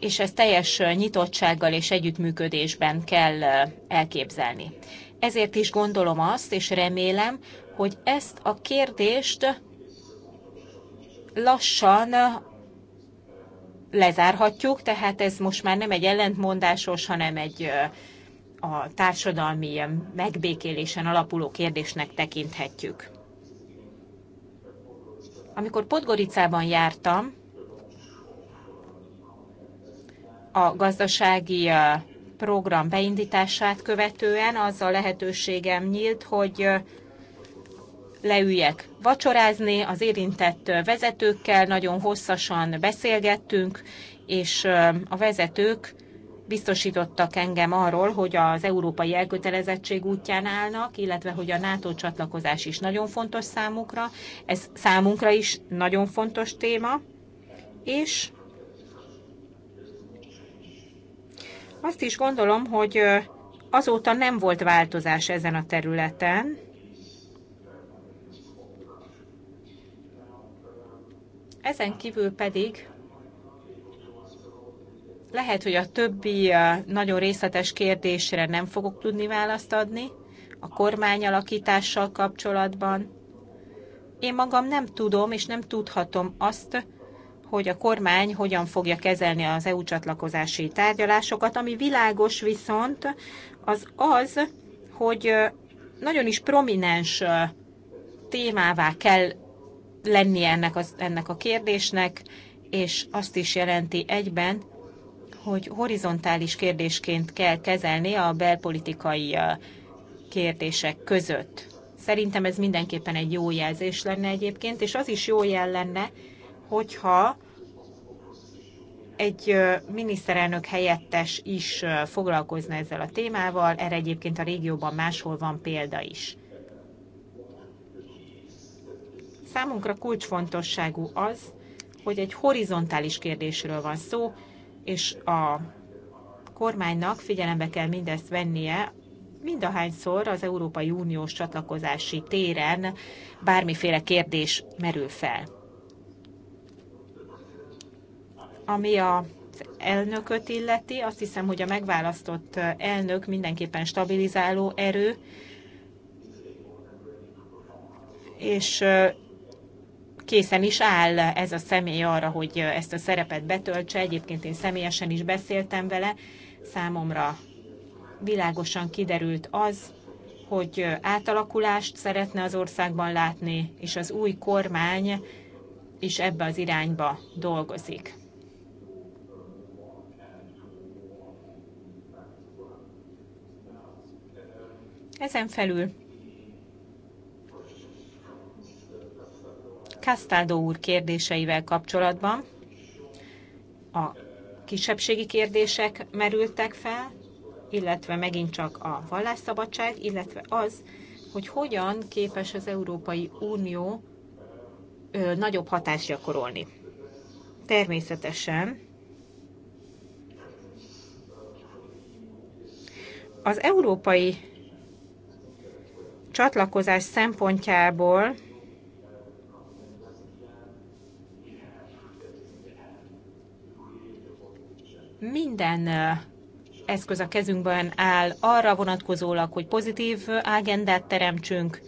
és ezt teljes nyitottsággal és együttműködésben kell elképzelni. Ezért is gondolom azt, és remélem, hogy ezt a kérdést lassan lezárhatjuk, tehát ez most már nem egy ellentmondásos, hanem egy a társadalmi megbékélésen alapuló kérdésnek tekinthetjük. Amikor Podgoricában jártam, a gazdasági program beindítását követően az a lehetőségem nyílt, hogy leüljek vacsorázni az érintett vezetőkkel, nagyon hosszasan beszélgettünk, és a vezetők biztosítottak engem arról, hogy az európai elkötelezettség útján állnak, illetve hogy a NATO csatlakozás is nagyon fontos számukra, ez számunkra is nagyon fontos téma, és azt is gondolom, hogy azóta nem volt változás ezen a területen, Ezen kívül pedig lehet, hogy a többi nagyon részletes kérdésre nem fogok tudni választ adni a kormányalakítással kapcsolatban. Én magam nem tudom és nem tudhatom azt, hogy a kormány hogyan fogja kezelni az EU csatlakozási tárgyalásokat. Ami világos viszont az az, hogy nagyon is prominens témává kell lenni ennek, az, ennek a kérdésnek, és azt is jelenti egyben, hogy horizontális kérdésként kell kezelni a belpolitikai kérdések között. Szerintem ez mindenképpen egy jó jelzés lenne egyébként, és az is jó jel lenne, hogyha egy miniszterelnök helyettes is foglalkozna ezzel a témával, erre egyébként a régióban máshol van példa is. Számunkra kulcsfontosságú az, hogy egy horizontális kérdésről van szó, és a kormánynak figyelembe kell mindezt vennie, mindahányszor az Európai Uniós csatlakozási téren bármiféle kérdés merül fel. Ami a elnököt illeti, azt hiszem, hogy a megválasztott elnök mindenképpen stabilizáló erő, és készen is áll ez a személy arra, hogy ezt a szerepet betöltse. Egyébként én személyesen is beszéltem vele. Számomra világosan kiderült az, hogy átalakulást szeretne az országban látni, és az új kormány is ebbe az irányba dolgozik. Ezen felül Castaldo úr kérdéseivel kapcsolatban. A kisebbségi kérdések merültek fel, illetve megint csak a vallásszabadság, illetve az, hogy hogyan képes az Európai Unió ö, nagyobb hatást gyakorolni. Természetesen az európai csatlakozás szempontjából minden eszköz a kezünkben áll arra vonatkozólag, hogy pozitív agendát teremtsünk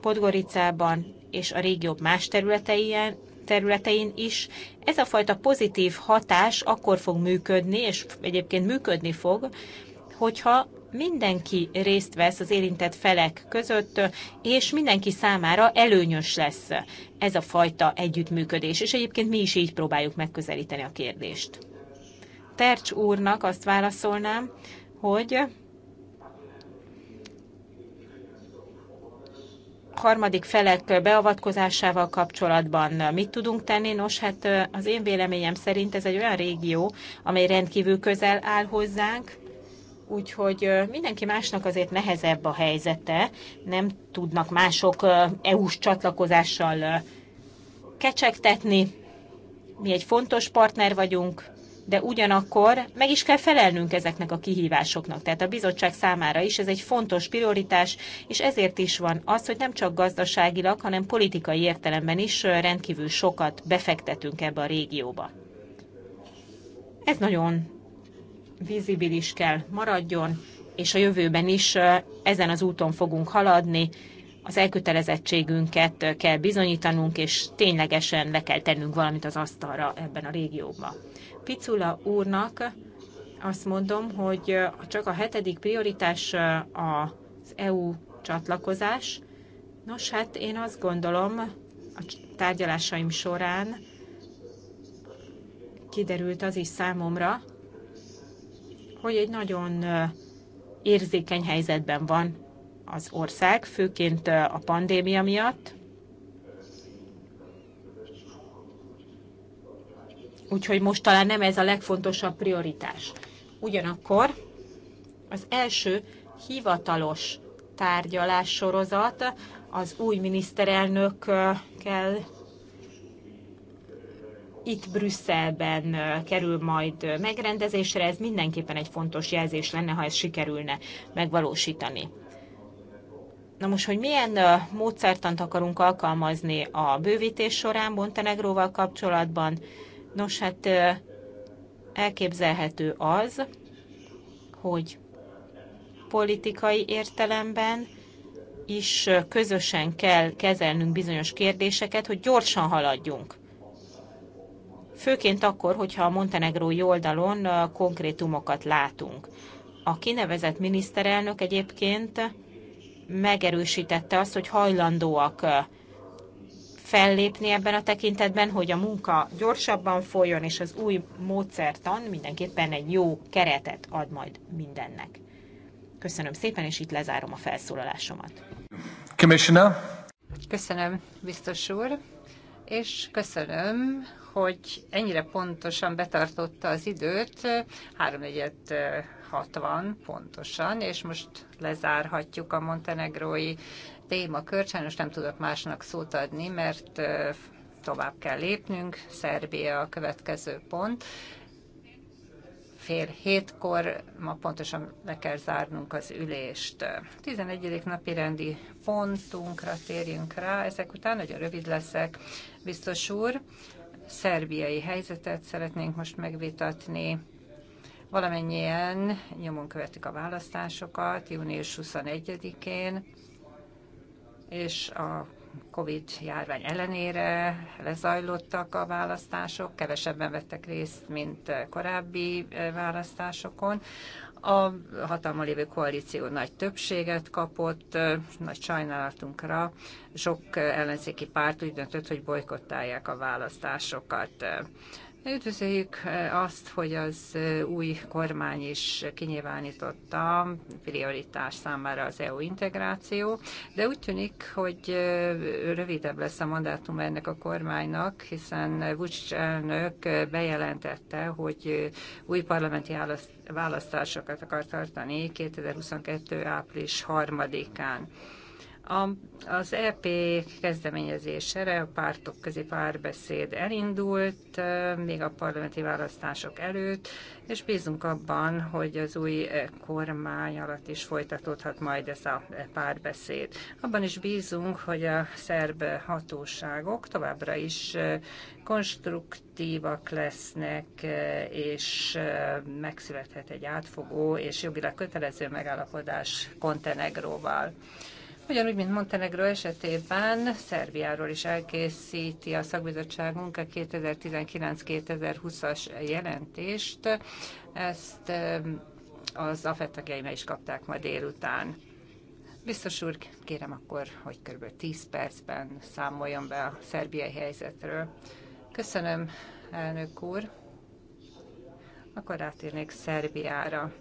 Podgoricában és a régió más területein, területein is. Ez a fajta pozitív hatás akkor fog működni, és egyébként működni fog, hogyha mindenki részt vesz az érintett felek között, és mindenki számára előnyös lesz ez a fajta együttműködés. És egyébként mi is így próbáljuk megközelíteni a kérdést. Tercs úrnak azt válaszolnám, hogy harmadik felek beavatkozásával kapcsolatban mit tudunk tenni? Nos, hát az én véleményem szerint ez egy olyan régió, amely rendkívül közel áll hozzánk, úgyhogy mindenki másnak azért nehezebb a helyzete, nem tudnak mások EU-s csatlakozással kecsegtetni. Mi egy fontos partner vagyunk, de ugyanakkor meg is kell felelnünk ezeknek a kihívásoknak. Tehát a bizottság számára is ez egy fontos prioritás, és ezért is van az, hogy nem csak gazdaságilag, hanem politikai értelemben is rendkívül sokat befektetünk ebbe a régióba. Ez nagyon vizibilis kell maradjon, és a jövőben is ezen az úton fogunk haladni, az elkötelezettségünket kell bizonyítanunk, és ténylegesen le kell tennünk valamit az asztalra ebben a régióban. Picula úrnak azt mondom, hogy csak a hetedik prioritás az EU csatlakozás. Nos, hát én azt gondolom, a tárgyalásaim során kiderült az is számomra, hogy egy nagyon érzékeny helyzetben van az ország, főként a pandémia miatt, úgyhogy most talán nem ez a legfontosabb prioritás. Ugyanakkor az első hivatalos tárgyalás sorozat az új miniszterelnökkel itt Brüsszelben kerül majd megrendezésre. Ez mindenképpen egy fontos jelzés lenne, ha ez sikerülne megvalósítani. Na most, hogy milyen módszertant akarunk alkalmazni a bővítés során Montenegróval kapcsolatban, Nos, hát elképzelhető az, hogy politikai értelemben is közösen kell kezelnünk bizonyos kérdéseket, hogy gyorsan haladjunk. Főként akkor, hogyha a montenegrói oldalon konkrétumokat látunk. A kinevezett miniszterelnök egyébként megerősítette azt, hogy hajlandóak fellépni ebben a tekintetben, hogy a munka gyorsabban folyjon, és az új módszertan mindenképpen egy jó keretet ad majd mindennek. Köszönöm szépen, és itt lezárom a felszólalásomat. Commissioner. Köszönöm, biztos úr, és köszönöm, hogy ennyire pontosan betartotta az időt, 3.4.60 pontosan, és most lezárhatjuk a montenegrói téma sajnos nem tudok másnak szót adni, mert tovább kell lépnünk, Szerbia a következő pont. Fél hétkor, ma pontosan le kell zárnunk az ülést. 11. napi rendi pontunkra térjünk rá, ezek után nagyon rövid leszek, biztos úr. Szerbiai helyzetet szeretnénk most megvitatni. Valamennyien nyomon követik a választásokat június 21-én és a COVID járvány ellenére lezajlottak a választások, kevesebben vettek részt, mint korábbi eh, választásokon. A hatalma lévő koalíció nagy többséget kapott, eh, nagy sajnálatunkra sok eh, ellenzéki párt úgy döntött, hogy bolykottálják a választásokat. Üdvözöljük eh, azt, hogy az eh, új kormány is kinyilvánította prioritás számára az EU integráció, de úgy tűnik, hogy eh, rövidebb lesz a mandátum ennek a kormánynak, hiszen Vucic elnök bejelentette, hogy új parlamenti választásokat akar tartani 2022. április 3-án. A, az EP kezdeményezésére a pártok közé párbeszéd elindult, még a parlamenti választások előtt, és bízunk abban, hogy az új kormány alatt is folytatódhat majd ez a párbeszéd. Abban is bízunk, hogy a szerb hatóságok továbbra is konstruktívak lesznek, és megszülethet egy átfogó és jogilag kötelező megállapodás Kontenegróval. Ugyanúgy, mint Montenegro esetében, Szerbiáról is elkészíti a szakbizottság a 2019-2020-as jelentést. Ezt az AFET tagjaimra is kapták ma délután. Biztos úr, kérem akkor, hogy kb. 10 percben számoljon be a szerbiai helyzetről. Köszönöm, elnök úr. Akkor rátérnék Szerbiára.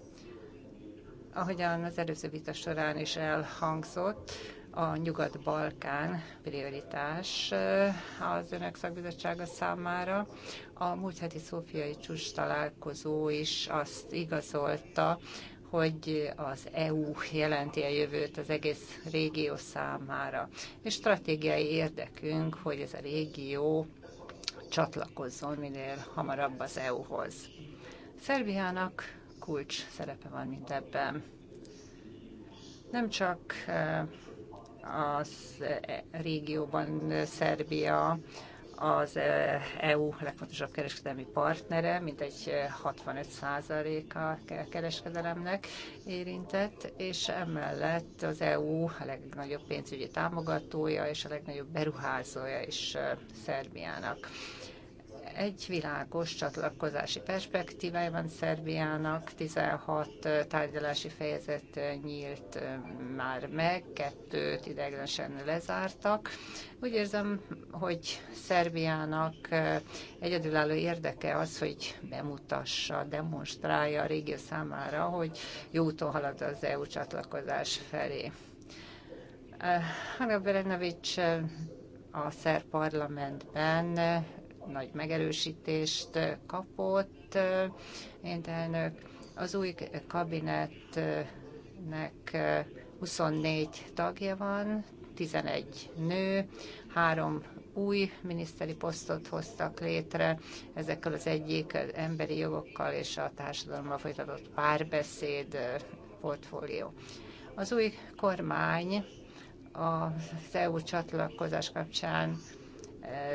Ahogyan az előző vita során is elhangzott, a Nyugat-Balkán prioritás az Önök szakbizottsága számára. A múlt heti szófiai csúcs találkozó is azt igazolta, hogy az EU jelenti a jövőt az egész régió számára. És stratégiai érdekünk, hogy ez a régió csatlakozzon minél hamarabb az EU-hoz. Szerbiának kulcs szerepe van mint ebben. Nem csak eh, az eh, régióban Szerbia az EU eh, e legfontosabb kereskedelmi partnere, mint egy 65%-a kereskedelemnek érintett, és emellett az EU a legnagyobb pénzügyi támogatója és a legnagyobb beruházója is Szerbiának. Egy világos csatlakozási perspektívája van Szerbiának, 16 tárgyalási fejezet nyílt már meg, kettőt ideiglenesen lezártak. Úgy érzem, hogy Szerbiának egyedülálló érdeke az, hogy bemutassa, demonstrálja a régió számára, hogy jó úton halad az EU csatlakozás felé. Hanna Berenovics a szerb parlamentben nagy megerősítést kapott, mindenök. Az új kabinetnek 24 tagja van, 11 nő, három új miniszteri posztot hoztak létre, ezekkel az egyik az emberi jogokkal és a társadalommal folytatott párbeszéd portfólió. Az új kormány az EU csatlakozás kapcsán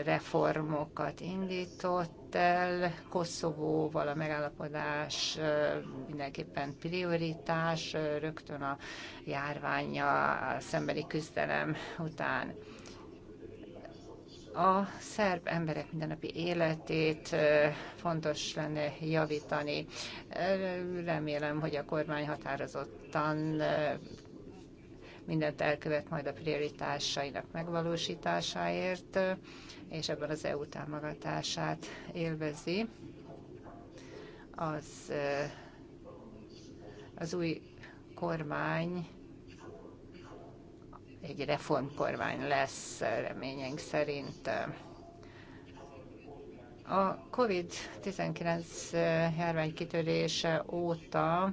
reformokat indított el, Koszovóval a megállapodás mindenképpen prioritás, rögtön a járványa a szembeni küzdelem után. A szerb emberek mindennapi életét fontos lenne javítani. Remélem, hogy a kormány határozottan mindent elkövet majd a prioritásainak megvalósításáért, és ebben az EU támogatását élvezi. Az, az új kormány egy reformkormány lesz reményénk szerint. A COVID-19 járvány kitörése óta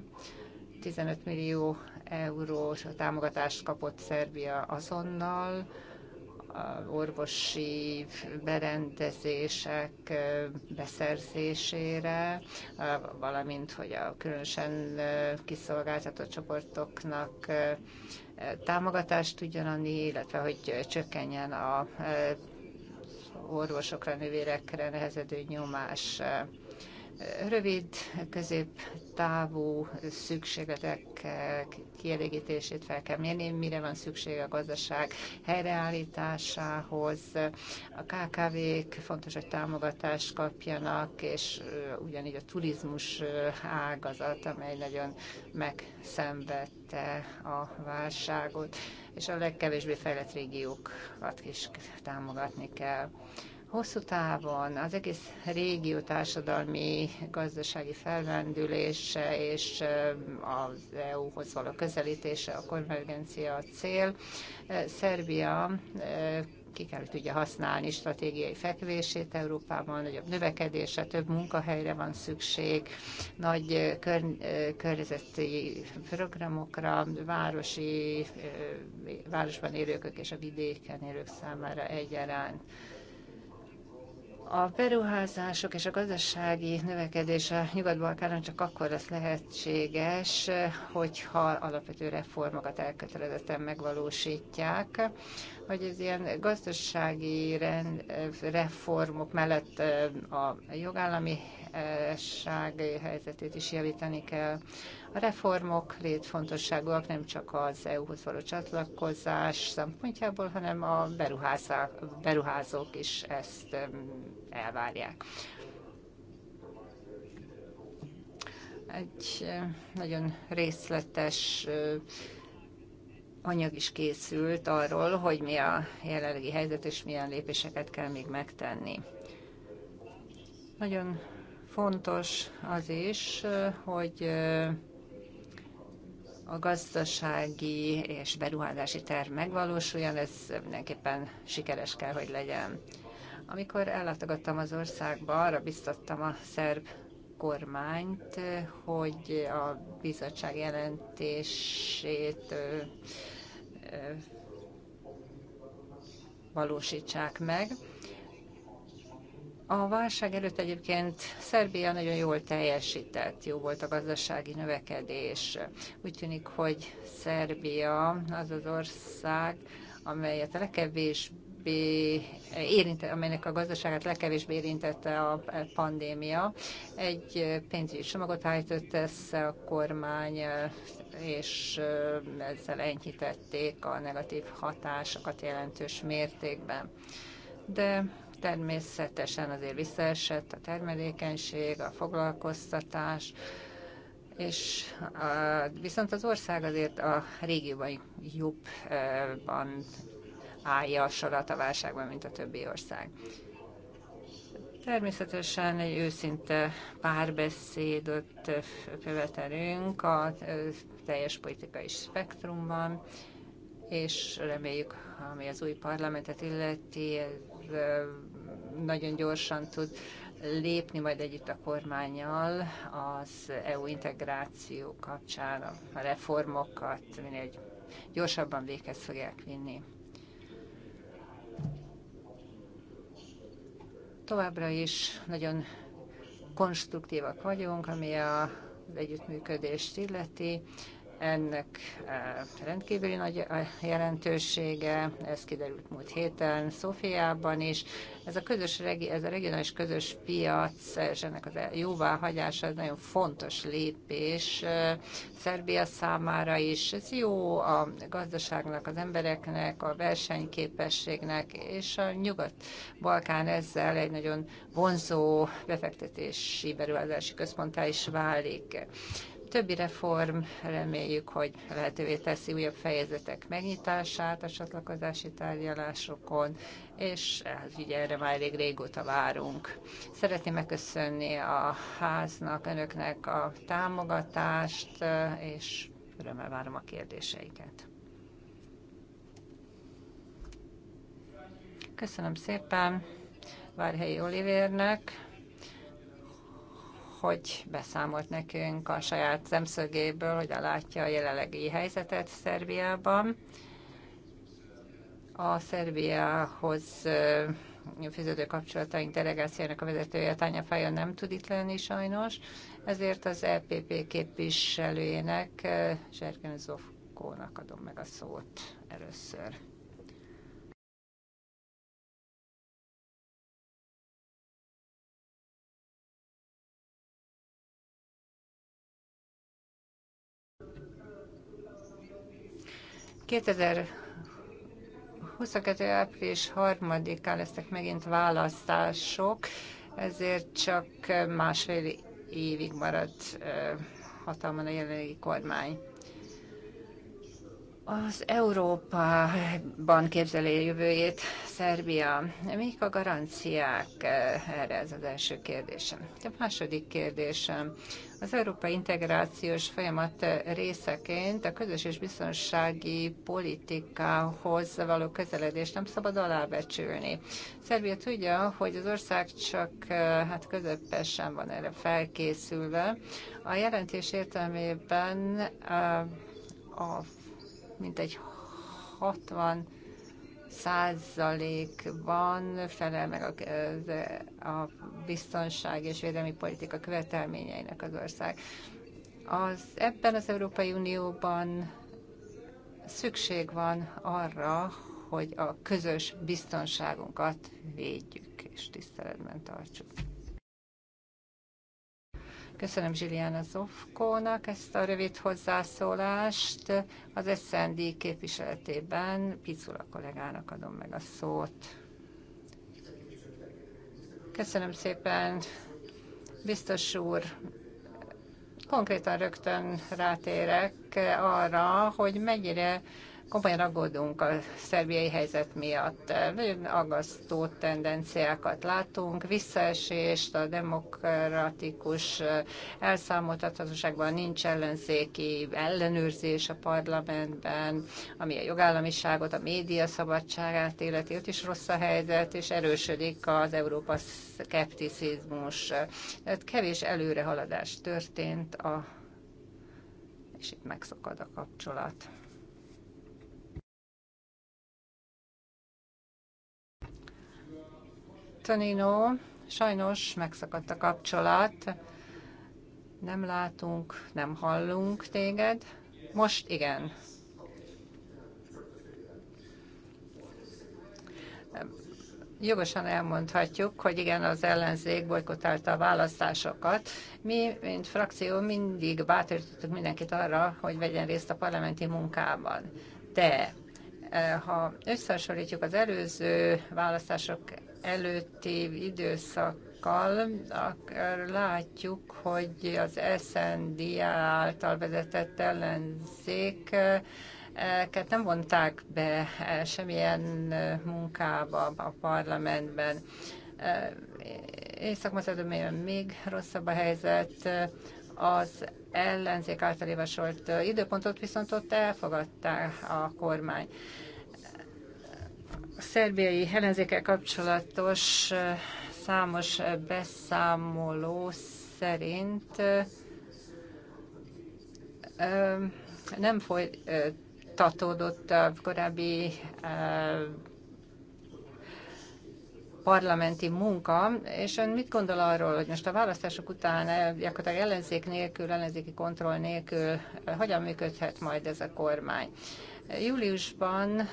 15 millió eurós a támogatást kapott Szerbia azonnal, orvosi berendezések beszerzésére, valamint hogy a különösen kiszolgáltatott csoportoknak támogatást tudjon adni, illetve hogy csökkenjen a orvosokra, nővérekre nehezedő nyomás rövid, középtávú szükségletek kielégítését fel kell mérni, mire van szüksége a gazdaság helyreállításához. A KKV-k fontos, hogy támogatást kapjanak, és ugyanígy a turizmus ágazat, amely nagyon megszenvedte a válságot, és a legkevésbé fejlett régiókat is támogatni kell. Hosszú távon az egész régió társadalmi, gazdasági felrendülése és az EU-hoz való közelítése a konvergencia a cél. Szerbia ki kell, tudja használni stratégiai fekvését Európában, nagyobb növekedése, több munkahelyre van szükség, nagy kör- környezeti programokra, városi, városban élőkök és a vidéken élők számára egyaránt. A beruházások és a gazdasági növekedés a Nyugat-Balkánon csak akkor lesz lehetséges, hogyha alapvető reformokat elkötelezetten megvalósítják, hogy az ilyen gazdasági reformok mellett a jogállami helyzetét is javítani kell, a reformok létfontosságúak nem csak az EU-hoz való csatlakozás szempontjából, hanem a beruházók is ezt elvárják. Egy nagyon részletes anyag is készült arról, hogy mi a jelenlegi helyzet és milyen lépéseket kell még megtenni. Nagyon fontos az is, hogy a gazdasági és beruházási terv megvalósuljon, ez mindenképpen sikeres kell, hogy legyen. Amikor ellátogattam az országba, arra biztattam a szerb kormányt, hogy a bizottság jelentését valósítsák meg. A válság előtt egyébként Szerbia nagyon jól teljesített, jó volt a gazdasági növekedés. Úgy tűnik, hogy Szerbia az az ország, amelyet a legkevésbé érintett, amelynek a gazdaságát legkevésbé érintette a pandémia. Egy pénzügyi csomagot állított össze a kormány, és ezzel enyhítették a negatív hatásokat jelentős mértékben. De Természetesen azért visszaesett a termelékenység, a foglalkoztatás, és a, viszont az ország azért a régióban jobban állja a sorat a válságban, mint a többi ország. Természetesen egy őszinte párbeszédot követelünk a teljes politikai spektrumban, és reméljük, ami az új parlamentet illeti, nagyon gyorsan tud lépni majd együtt a kormányjal az EU integráció kapcsán a reformokat minél gyorsabban véghez fogják vinni. Továbbra is nagyon konstruktívak vagyunk, ami a az együttműködést illeti. Ennek e, rendkívül nagy e, jelentősége, ez kiderült múlt héten Szofiában is. Ez a, közös, ez a regionális közös piac, és ennek az e, jóváhagyása ez nagyon fontos lépés Szerbia számára is. Ez jó a gazdaságnak, az embereknek, a versenyképességnek, és a Nyugat-Balkán ezzel egy nagyon vonzó befektetési beruházási központtá is válik többi reform reméljük, hogy lehetővé teszi újabb fejezetek megnyitását a csatlakozási tárgyalásokon, és hát ugye erre már elég régóta várunk. Szeretném megköszönni a háznak, önöknek a támogatást, és örömmel várom a kérdéseiket. Köszönöm szépen Várhelyi Olivérnek hogy beszámolt nekünk a saját szemszögéből, hogy látja a jelenlegi helyzetet Szerbiában. A Szerbiához fűződő kapcsolataink delegációjának a vezetője, Tánya Fája nem tud itt lenni sajnos, ezért az LPP e képviselőjének, Zsergen Zofkónak adom meg a szót először. 2022. április 3-án lesznek megint választások, ezért csak másfél évig maradt hatalmon a jelenlegi kormány. Az Európában képzelé jövőjét Szerbia. Mik a garanciák eh, erre? Ez az első kérdésem. A második kérdésem. Az európai integrációs folyamat eh, részeként a közös és biztonsági politikához való közeledést nem szabad alábecsülni. Szerbia tudja, hogy az ország csak eh, hát közepesen van erre felkészülve. A jelentés értelmében a mintegy 60 százalékban felel meg a, a biztonság és védelmi politika követelményeinek az ország. Az, ebben az Európai Unióban szükség van arra, hogy a közös biztonságunkat védjük és tiszteletben tartsuk. Köszönöm Zsiliana Zofkónak ezt a rövid hozzászólást. Az SZND képviseletében Picula kollégának adom meg a szót. Köszönöm szépen, biztos úr. Konkrétan rögtön rátérek arra, hogy mennyire komolyan aggódunk a szerbiai helyzet miatt. Nagyon aggasztó tendenciákat látunk, visszaesést a demokratikus eh, elszámoltathatóságban nincs ellenzéki ellenőrzés a parlamentben, ami a jogállamiságot, a média szabadságát életi, ott is rossz a helyzet, és erősödik az Európa szkepticizmus. Kevés előrehaladás történt, a, és itt megszakad a kapcsolat. Tonino, sajnos megszakadt a kapcsolat. Nem látunk, nem hallunk téged. Most igen. jogosan elmondhatjuk, hogy igen, az ellenzék bolykotálta a választásokat. Mi, mint frakció, mindig bátorítottuk mindenkit arra, hogy vegyen részt a parlamenti munkában. De eh, ha összehasonlítjuk az előző választások előtti időszakkal akkor látjuk, hogy az SND által vezetett ellenzék őket nem vonták be semmilyen munkába a parlamentben. Észak-Macedóniában még rosszabb a helyzet. Az ellenzék által javasolt időpontot viszont ott elfogadta a kormány. A szerbiai helenzékkel kapcsolatos számos beszámoló szerint nem folytatódott a korábbi parlamenti munka, és ön mit gondol arról, hogy most a választások után eh, gyakorlatilag ellenzék nélkül, ellenzéki kontroll nélkül eh, hogyan működhet majd ez a kormány? Júliusban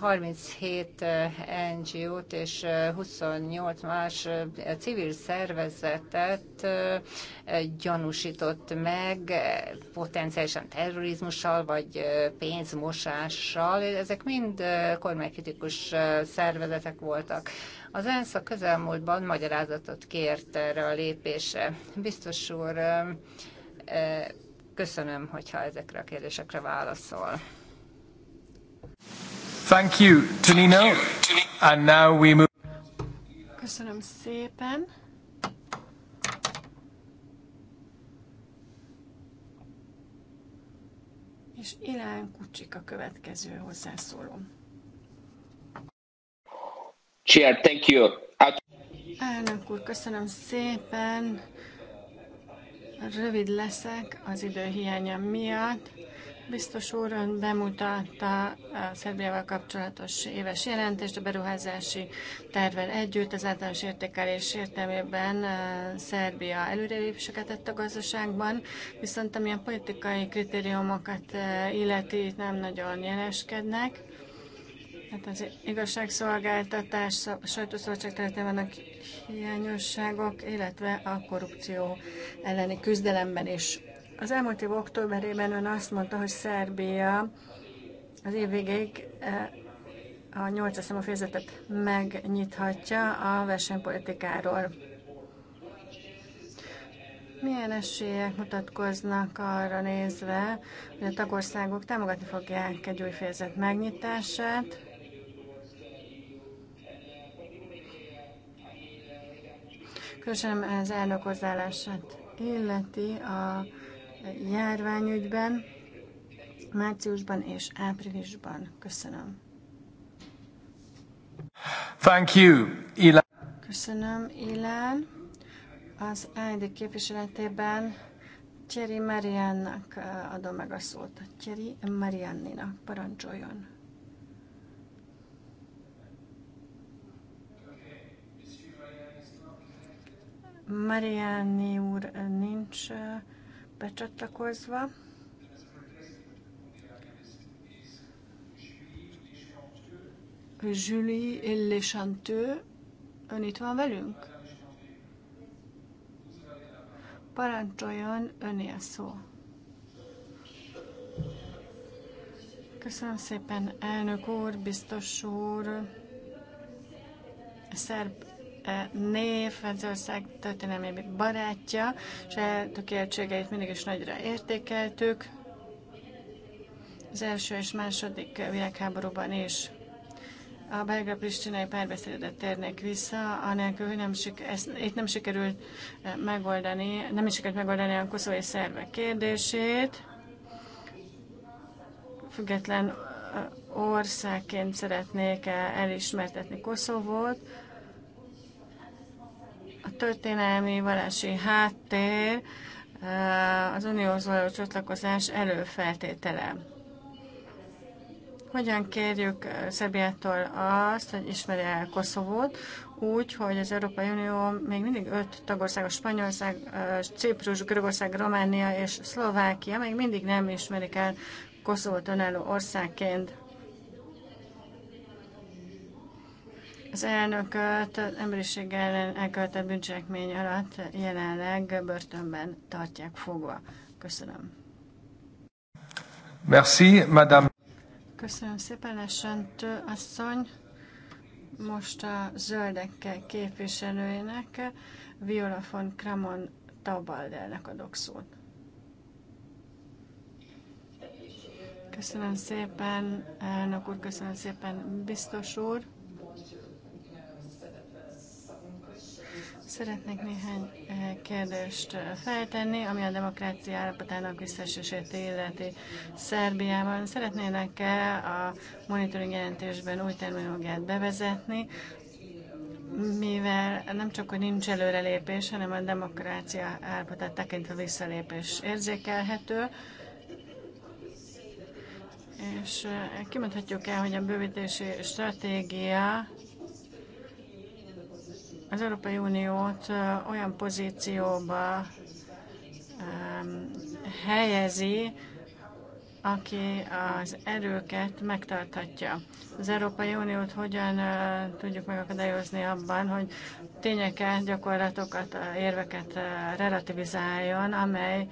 37 eh, NGO-t és 28 eh, más eh, civil szervezetet gyanúsított meg potenciálisan terrorizmussal vagy pénzmosással. Ezek mind kormánykritikus szervezetek voltak. Az ENSZ a közelmúltban magyarázatot kért erre a lépésre. Biztos úr, köszönöm, hogyha ezekre a kérdésekre válaszol. Thank you, Tonino. And now we move. Köszönöm szépen. És Ilán Kucsik a következő hozzászóló. Chair, thank you. Elnök úr, köszönöm szépen. Rövid leszek az idő hiánya miatt. Biztos úr bemutatta a Szerbiával kapcsolatos éves jelentést a beruházási tervvel együtt. Az általános értékelés értelmében Szerbia előrelépéseket tett a gazdaságban, viszont ami a politikai kritériumokat illeti, nem nagyon jeleskednek. Hát az igazságszolgáltatás, sajtószabadság területén vannak hiányosságok, illetve a korrupció elleni küzdelemben is az elmúlt év októberében ön azt mondta, hogy Szerbia az év végéig eh, a nyolcas számú fejezetet megnyithatja a versenypolitikáról. Milyen esélyek mutatkoznak arra nézve, hogy a tagországok támogatni fogják egy új fejezet megnyitását? Köszönöm az elnök illeti a járványügyben, márciusban és áprilisban. Köszönöm. Thank you, Ilan. Köszönöm, Ilán. Az ID képviseletében Cseri Mariannak adom meg a szót. Cseri Marianninak parancsoljon. Mariani úr nincs becsatlakozva. Julie Lechanteux, ön itt van velünk? Parancsoljon, öné a szó. Köszönöm szépen, elnök úr, biztos úr. szerb név, Franciaország történelmi barátja, és a eltökéltségeit mindig is nagyra értékeltük, az első és második világháborúban is. A belga pristinai párbeszédet térnek vissza, anélkül, hogy nem, ezt, itt nem sikerült eh, megoldani, nem is sikerült megoldani a koszovói szervek kérdését. Független eh, országként szeretnék eh, elismertetni Koszovót, a történelmi valási háttér eh, az unióhoz való csatlakozás előfeltétele. Hogyan kérjük eh, Szerbiától azt, hogy ismerje el Koszovót, úgy, hogy az Európai Unió még mindig öt tagország, a Spanyolország, eh, Ciprus, Görögország, Románia és Szlovákia még mindig nem ismerik el Koszovót önálló országként. Az elnököt az emberiség ellen elkövetett bűncselekmény alatt jelenleg börtönben tartják fogva. Köszönöm. Merci, madame. Köszönöm szépen, Lesentő asszony. Most a zöldekkel képviselőjének, Viola von Kramon Taubaldelnek adok szót. Köszönöm szépen, elnök úr, köszönöm szépen, biztos úr. Szeretnék néhány eh, kérdést eh, feltenni, ami a demokrácia állapotának visszaesését illeti Szerbiában. Szeretnének-e a monitoring jelentésben új terminológiát bevezetni, mivel nem csak, hogy nincs előrelépés, hanem a demokrácia állapotát tekintve visszalépés érzékelhető, és eh, kimondhatjuk el, hogy a bővítési stratégia az Európai Uniót olyan pozícióba helyezi, aki az erőket megtarthatja. Az Európai Uniót hogyan tudjuk megakadályozni abban, hogy tényeket, gyakorlatokat, érveket relativizáljon, amely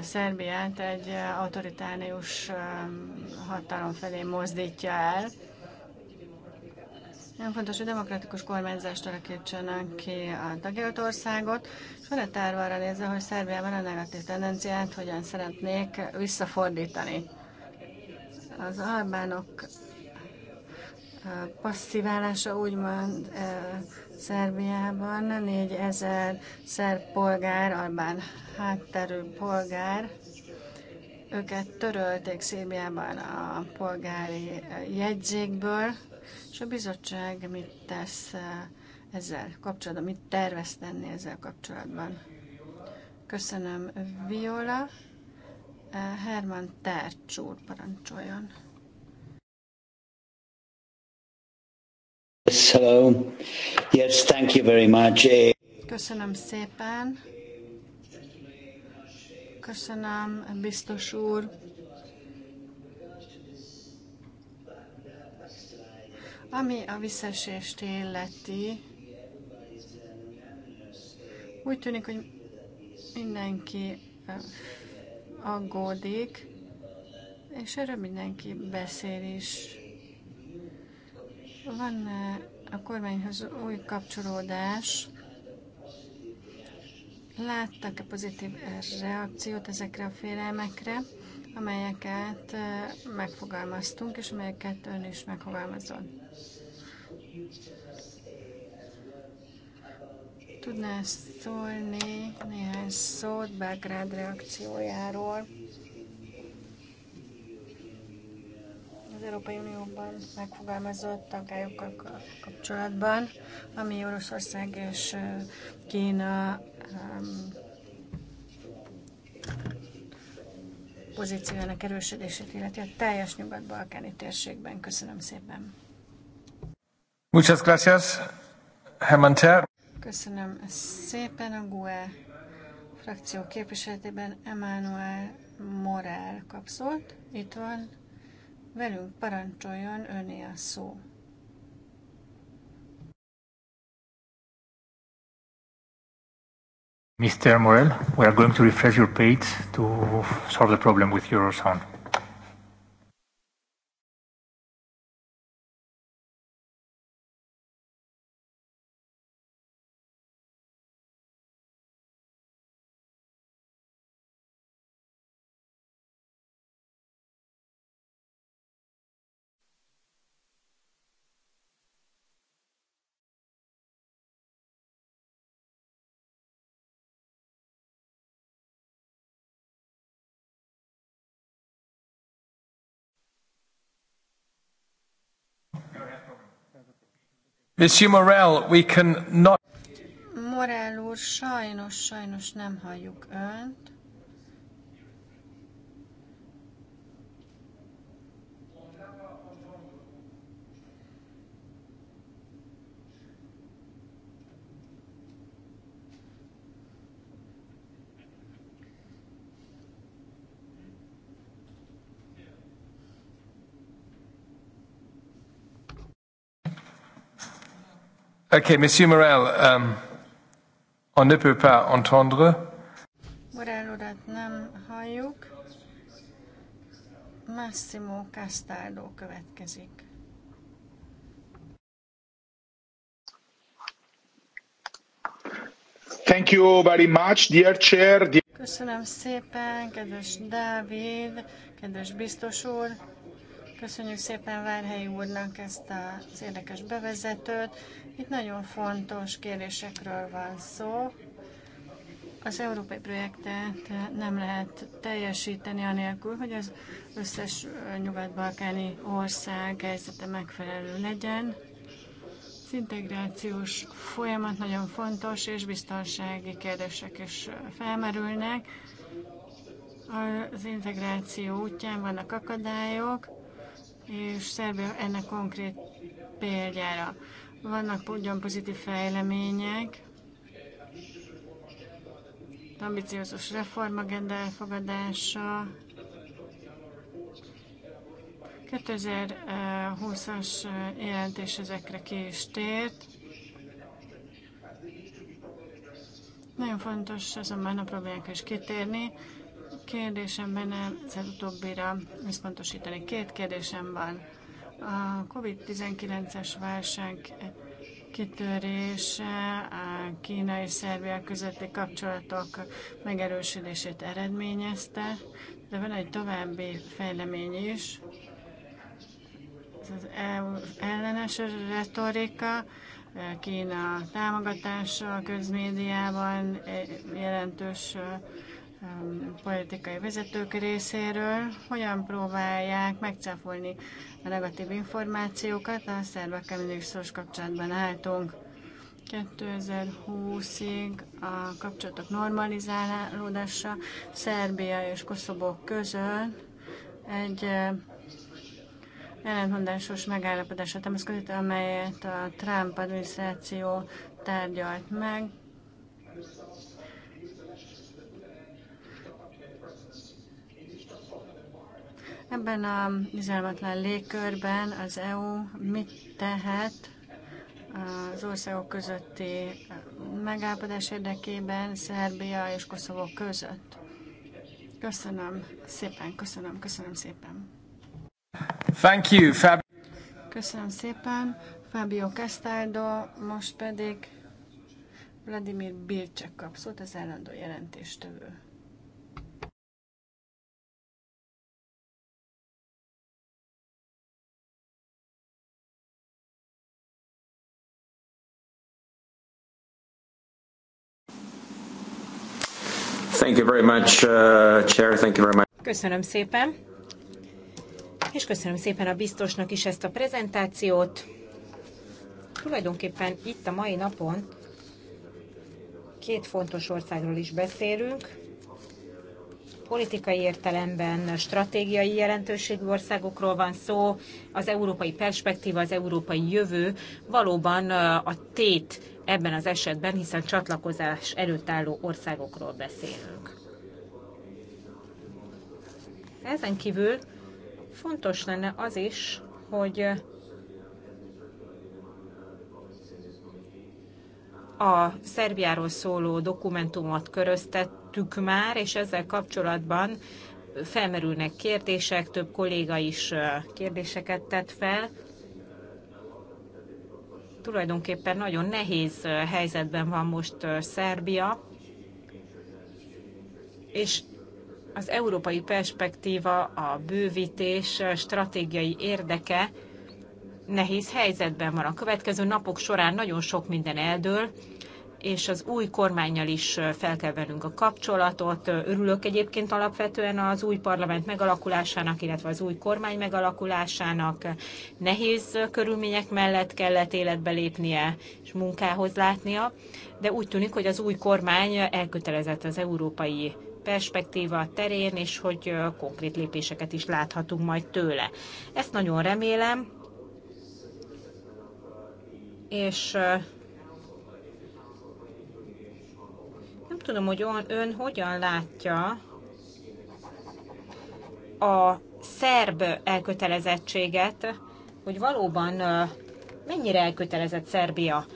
Szerbiát egy autoritárius hatalom felé mozdítja el. Nagyon fontos, hogy demokratikus kormányzást alakítsanak ki a tagjelölt országot, és van egy terve arra nézve, hogy Szerbiában a negatív tendenciát hogyan szeretnék visszafordítani. Az albánok passziválása úgymond Szerbiában 4000 szerb polgár, albán hátterű polgár, őket törölték Szíriában a polgári jegyzékből, és a bizottság mit tesz eh, ezzel kapcsolatban, mit tervez tenni ezzel kapcsolatban? Köszönöm, Viola. Eh, Herman Tercs úr parancsoljon. Yes, hello. Yes, thank you very much. Eh, Köszönöm szépen. Köszönöm, biztos úr Ami a visszaesést illeti, úgy tűnik, hogy mindenki aggódik, és erről mindenki beszél is. Van a kormányhoz új kapcsolódás. Láttak-e pozitív reakciót ezekre a félelmekre, amelyeket megfogalmaztunk, és amelyeket ön is megfogalmazott? Tudná szólni néhány szót Belgrád reakciójáról? Az Európai Unióban megfogalmazott tagályokkal kapcsolatban, ami Oroszország és Kína pozíciójának erősödését illeti a teljes nyugat-balkáni térségben. Köszönöm szépen! Muchas gracias, Köszönöm szépen a GUE frakció képviseletében Emmanuel Morel kapszolt. Itt van, velünk parancsoljon öné a szó. Mr. Morel, we are going to refresh your page to solve the problem with your sound. Monsieur Morel, we can not... Morel úr, sajnos, sajnos nem halljuk önt. OK, Monsieur Morel, um, on ne peut pas entendre. Morel urat nem halljuk. Massimo Castaldo következik. Thank you very much, dear chair. Dear... Köszönöm szépen, kedves Dávid, kedves biztos úr. Köszönjük szépen Várhelyi úrnak ezt az érdekes bevezetőt. Itt nagyon fontos kérdésekről van szó. Az európai projektet nem lehet teljesíteni anélkül, hogy az összes nyugat-balkáni ország helyzete megfelelő legyen. Az integrációs folyamat nagyon fontos, és biztonsági kérdések is felmerülnek. Az integráció útján vannak akadályok, és Szerbia ennek konkrét példára. Vannak ugyan pozitív fejlemények, ambiciózus reformagenda elfogadása, 2020-as jelentés ezekre ki is tért. Nagyon fontos azonban a problémákra is kitérni. Kérdésem ez az utóbbira összpontosítani. Két kérdésem van. A COVID-19-es válság kitörése, a Kína és Szerbia közötti kapcsolatok megerősödését eredményezte, de van egy további fejlemény is, ez az EU ellenes retorika, Kína támogatása a közmédiában e, jelentős Um, politikai vezetők részéről, hogyan próbálják megcáfolni a negatív információkat. A szervekkel mindig szoros kapcsolatban álltunk. 2020-ig a kapcsolatok normalizálódása Szerbia és Koszobó között egy ellentmondásos megállapodásra támaszkodott, amelyet a Trump adminisztráció tárgyalt meg. Ebben a bizalmatlan légkörben az EU mit tehet az országok közötti megállapodás érdekében Szerbia és Koszovó között? Köszönöm szépen, köszönöm, köszönöm szépen. Thank you, Fab- Köszönöm szépen, Fábio Castaldo, most pedig Vladimir Bircsek kap szót, az állandó jelentéstevő. Thank you very much, uh, Chair. Thank you very much. Köszönöm szépen. És köszönöm szépen a biztosnak is ezt a prezentációt. Tulajdonképpen itt a mai napon két fontos országról is beszélünk, politikai értelemben stratégiai jelentőségű országokról van szó, az európai perspektíva, az európai jövő valóban a tét ebben az esetben, hiszen csatlakozás előtt álló országokról beszélünk. Ezen kívül fontos lenne az is, hogy a Szerbiáról szóló dokumentumot köröztett említettük már, és ezzel kapcsolatban felmerülnek kérdések, több kolléga is kérdéseket tett fel. Tulajdonképpen nagyon nehéz helyzetben van most Szerbia, és az európai perspektíva, a bővítés stratégiai érdeke nehéz helyzetben van. A következő napok során nagyon sok minden eldől, és az új kormányjal is fel kell vennünk a kapcsolatot. Örülök egyébként alapvetően az új parlament megalakulásának, illetve az új kormány megalakulásának. Nehéz körülmények mellett kellett életbe lépnie és munkához látnia, de úgy tűnik, hogy az új kormány elkötelezett az európai perspektíva terén, és hogy konkrét lépéseket is láthatunk majd tőle. Ezt nagyon remélem, és tudom, hogy ön hogyan látja a szerb elkötelezettséget, hogy valóban mennyire elkötelezett Szerbia.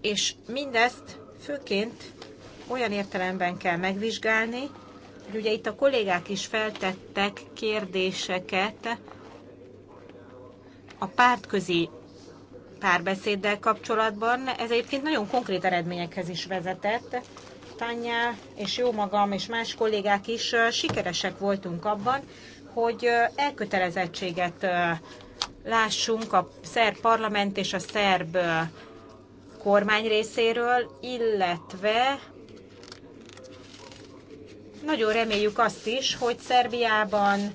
És mindezt főként olyan értelemben kell megvizsgálni, hogy ugye itt a kollégák is feltettek kérdéseket a pártközi párbeszéddel kapcsolatban. Ez egyébként nagyon konkrét eredményekhez is vezetett, Tanya és jó magam és más kollégák is sikeresek voltunk abban, hogy elkötelezettséget lássunk a szerb parlament és a szerb kormány részéről, illetve nagyon reméljük azt is, hogy Szerbiában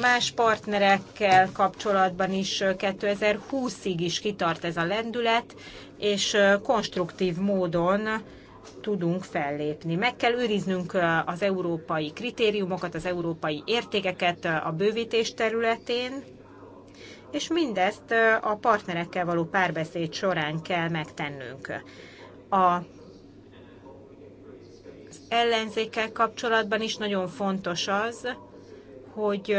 más partnerekkel kapcsolatban is 2020-ig is kitart ez a lendület, és konstruktív módon tudunk fellépni. Meg kell őriznünk az európai kritériumokat, az európai értékeket a bővítés területén, és mindezt a partnerekkel való párbeszéd során kell megtennünk. A ellenzékkel kapcsolatban is nagyon fontos az, hogy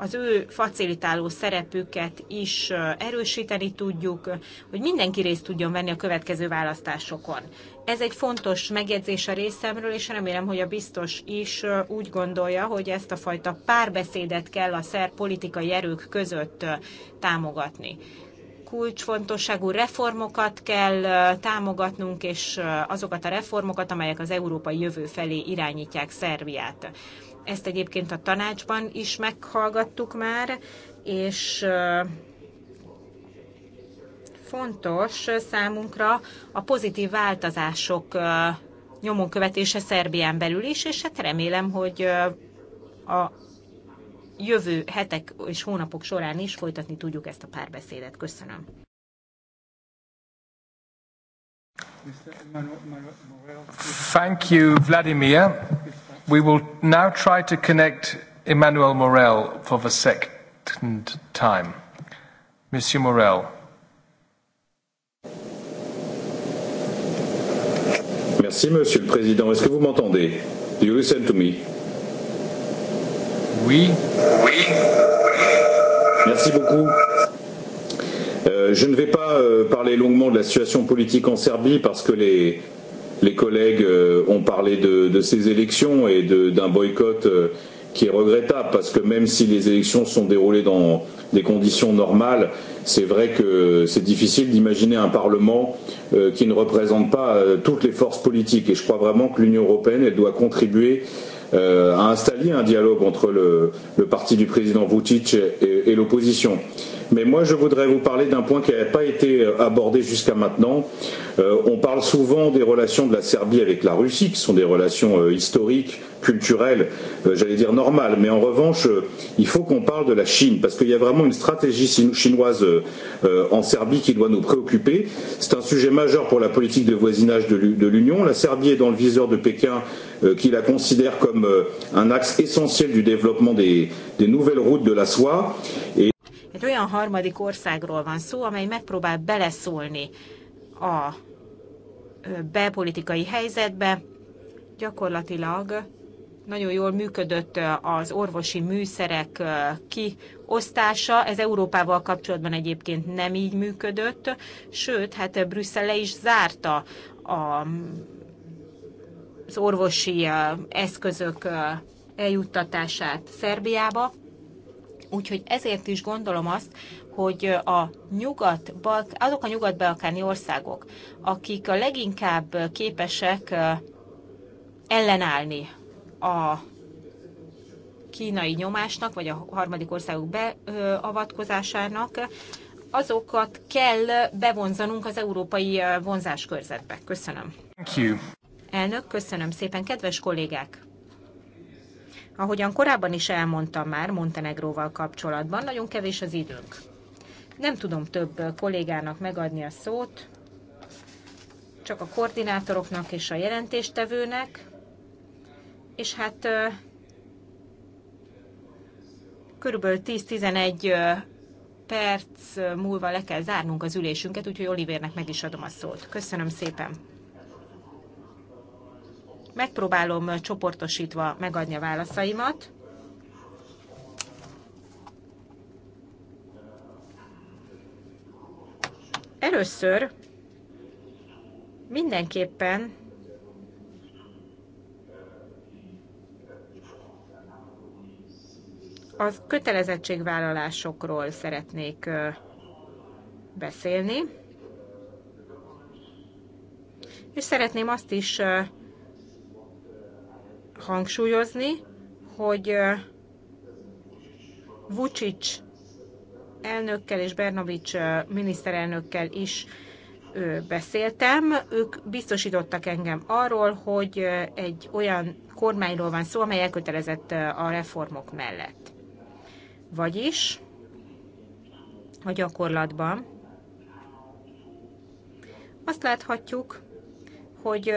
az ő facilitáló szerepüket is erősíteni tudjuk, hogy mindenki részt tudjon venni a következő választásokon. Ez egy fontos megjegyzés a részemről, és remélem, hogy a biztos is úgy gondolja, hogy ezt a fajta párbeszédet kell a szerb politikai erők között támogatni kulcsfontosságú reformokat kell támogatnunk, és azokat a reformokat, amelyek az európai jövő felé irányítják Szerbiát. Ezt egyébként a tanácsban is meghallgattuk már, és fontos számunkra a pozitív változások nyomon követése Szerbián belül is, és hát remélem, hogy a jövő hetek és hónapok során is folytatni tudjuk ezt a párbeszédet. Köszönöm. Thank you, Vladimir. We will now try to connect Emmanuel Morel for the second time. Monsieur Morel. Merci, Monsieur le Président. Est-ce que vous m'entendez? Do you listen to me? Oui. Oui. Merci beaucoup. Euh, je ne vais pas euh, parler longuement de la situation politique en Serbie parce que les, les collègues euh, ont parlé de, de ces élections et d'un boycott euh, qui est regrettable parce que même si les élections sont déroulées dans des conditions normales, c'est vrai que c'est difficile d'imaginer un Parlement euh, qui ne représente pas euh, toutes les forces politiques. Et je crois vraiment que l'Union européenne, elle doit contribuer euh, à installer un dialogue entre le, le parti du président Vucic et, et, et l'opposition. Euh, Mais moi, je voudrais vous parler d'un point qui n'avait pas été euh, abordé jusqu'à maintenant. Euh, on parle souvent des relations de la Serbie avec la Russie, qui sont des relations euh, historiques, culturelles, euh, j'allais dire normales. Mais en revanche, euh, il faut qu'on parle de la Chine, parce qu'il y a vraiment une stratégie chinoise euh, euh, en Serbie qui doit nous préoccuper. C'est un sujet majeur pour la politique de voisinage de l'Union. La Serbie est dans le viseur de Pékin, euh, qui la considère comme euh, un axe essentiel du développement des, des nouvelles routes de la soie. Et egy olyan harmadik országról van szó, amely megpróbál beleszólni a belpolitikai helyzetbe. Gyakorlatilag nagyon jól működött az orvosi műszerek kiosztása. Ez Európával kapcsolatban egyébként nem így működött, sőt, hát Brüsszel le is zárta a, az orvosi eszközök eljuttatását Szerbiába. Úgyhogy ezért is gondolom azt, hogy a nyugat, azok a nyugat-balkáni országok, akik a leginkább képesek ellenállni a kínai nyomásnak, vagy a harmadik országok beavatkozásának, azokat kell bevonzanunk az európai vonzáskörzetbe. Köszönöm. Thank you. Elnök, köszönöm szépen, kedves kollégák! Ahogyan korábban is elmondtam már Montenegróval kapcsolatban, nagyon kevés az időnk. Nem tudom több kollégának megadni a szót, csak a koordinátoroknak és a jelentéstevőnek, és hát körülbelül 10-11 perc múlva le kell zárnunk az ülésünket, úgyhogy Olivérnek meg is adom a szót. Köszönöm szépen! Megpróbálom csoportosítva megadni a válaszaimat. Először mindenképpen az kötelezettségvállalásokról szeretnék beszélni, és szeretném azt is hangsúlyozni, hogy Vucic elnökkel és Bernovics miniszterelnökkel is beszéltem. Ők biztosítottak engem arról, hogy egy olyan kormányról van szó, amely elkötelezett a reformok mellett. Vagyis a gyakorlatban azt láthatjuk, hogy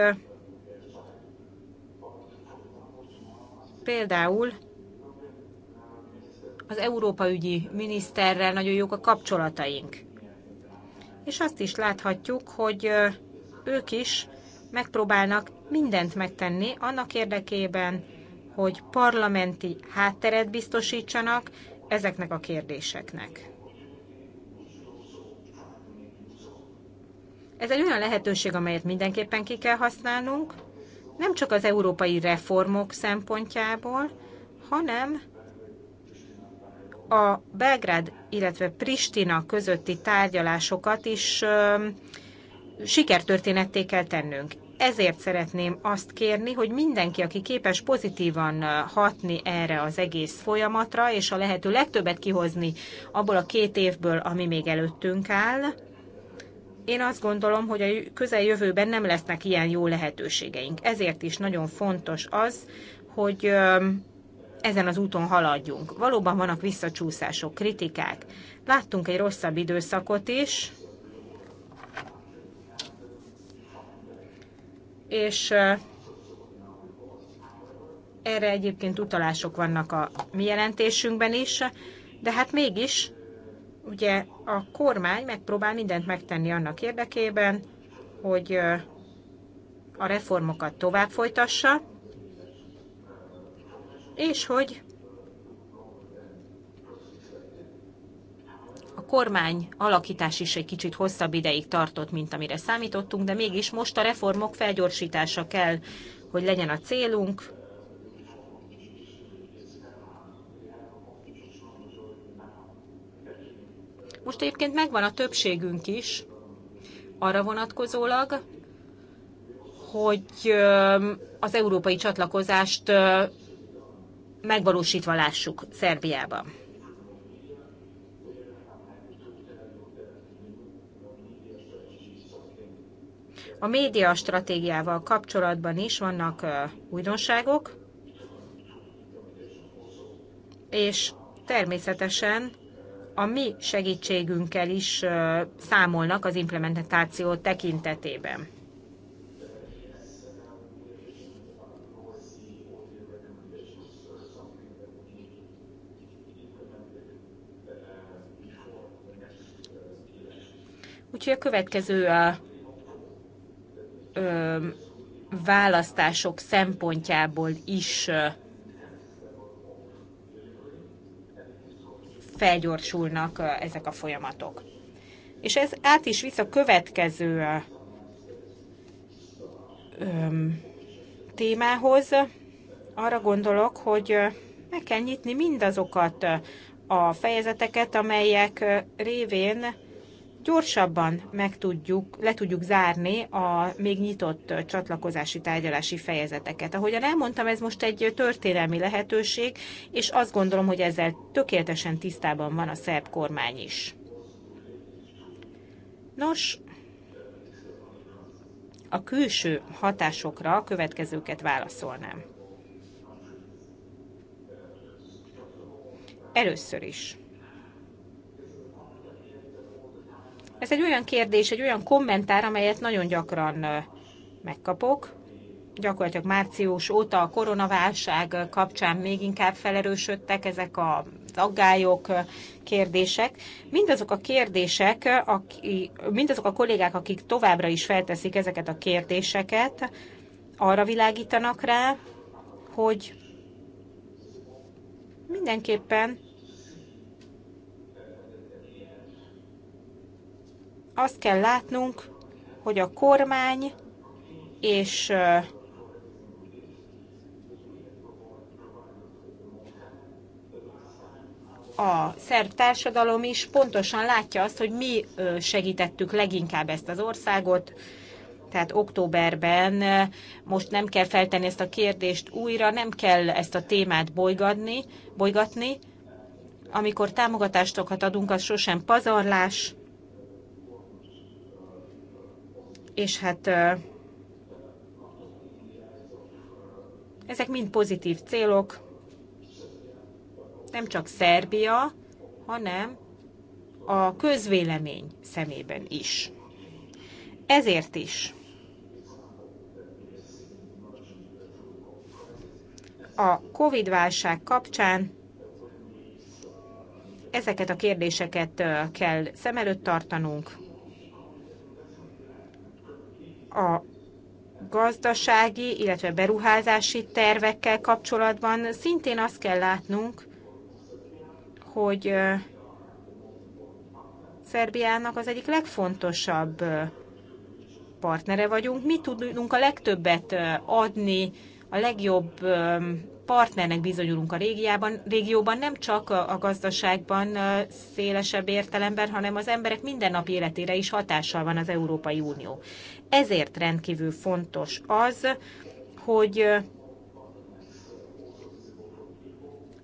Például az Európa ügyi miniszterrel nagyon jók a kapcsolataink. És azt is láthatjuk, hogy ők is megpróbálnak mindent megtenni annak érdekében, hogy parlamenti hátteret biztosítsanak ezeknek a kérdéseknek. Ez egy olyan lehetőség, amelyet mindenképpen ki kell használnunk, nem csak az európai reformok szempontjából, hanem a Belgrád, illetve Pristina közötti tárgyalásokat is sikertörténetté kell tennünk. Ezért szeretném azt kérni, hogy mindenki, aki képes pozitívan hatni erre az egész folyamatra, és a lehető legtöbbet kihozni abból a két évből, ami még előttünk áll, én azt gondolom, hogy a közeljövőben nem lesznek ilyen jó lehetőségeink. Ezért is nagyon fontos az, hogy ezen az úton haladjunk. Valóban vannak visszacsúszások, kritikák. Láttunk egy rosszabb időszakot is, és erre egyébként utalások vannak a mi jelentésünkben is, de hát mégis ugye a kormány megpróbál mindent megtenni annak érdekében, hogy a reformokat tovább folytassa, és hogy a kormány alakítás is egy kicsit hosszabb ideig tartott, mint amire számítottunk, de mégis most a reformok felgyorsítása kell, hogy legyen a célunk, Most egyébként megvan a többségünk is, arra vonatkozólag, hogy az európai csatlakozást megvalósítva lássuk Szerbiában. A média stratégiával kapcsolatban is vannak újdonságok, és természetesen a mi segítségünkkel is számolnak az implementáció tekintetében. Úgyhogy a következő a, ö, választások szempontjából is felgyorsulnak ezek a folyamatok. És ez át is visz a következő öm, témához. Arra gondolok, hogy meg kell nyitni mindazokat a fejezeteket, amelyek révén gyorsabban meg tudjuk, le tudjuk zárni a még nyitott csatlakozási tárgyalási fejezeteket. Ahogyan elmondtam, ez most egy történelmi lehetőség, és azt gondolom, hogy ezzel tökéletesen tisztában van a szerb kormány is. Nos, a külső hatásokra a következőket válaszolnám. Először is. Ez egy olyan kérdés, egy olyan kommentár, amelyet nagyon gyakran megkapok. Gyakorlatilag március óta a koronaválság kapcsán még inkább felerősödtek ezek a aggályok, kérdések. Mindazok a kérdések, aki, mindazok a kollégák, akik továbbra is felteszik ezeket a kérdéseket, arra világítanak rá, hogy mindenképpen azt kell látnunk, hogy a kormány és a szerb társadalom is pontosan látja azt, hogy mi segítettük leginkább ezt az országot, tehát októberben most nem kell feltenni ezt a kérdést újra, nem kell ezt a témát bolygatni, Amikor támogatástokat adunk, az sosem pazarlás, és hát ezek mind pozitív célok, nem csak Szerbia, hanem a közvélemény szemében is. Ezért is a COVID-válság kapcsán ezeket a kérdéseket kell szem előtt tartanunk, a gazdasági, illetve beruházási tervekkel kapcsolatban szintén azt kell látnunk, hogy Szerbiának az egyik legfontosabb partnere vagyunk. Mi tudunk a legtöbbet adni, a legjobb partnernek bizonyulunk a régiában, régióban, nem csak a gazdaságban szélesebb értelemben, hanem az emberek mindennapi életére is hatással van az Európai Unió. Ezért rendkívül fontos az, hogy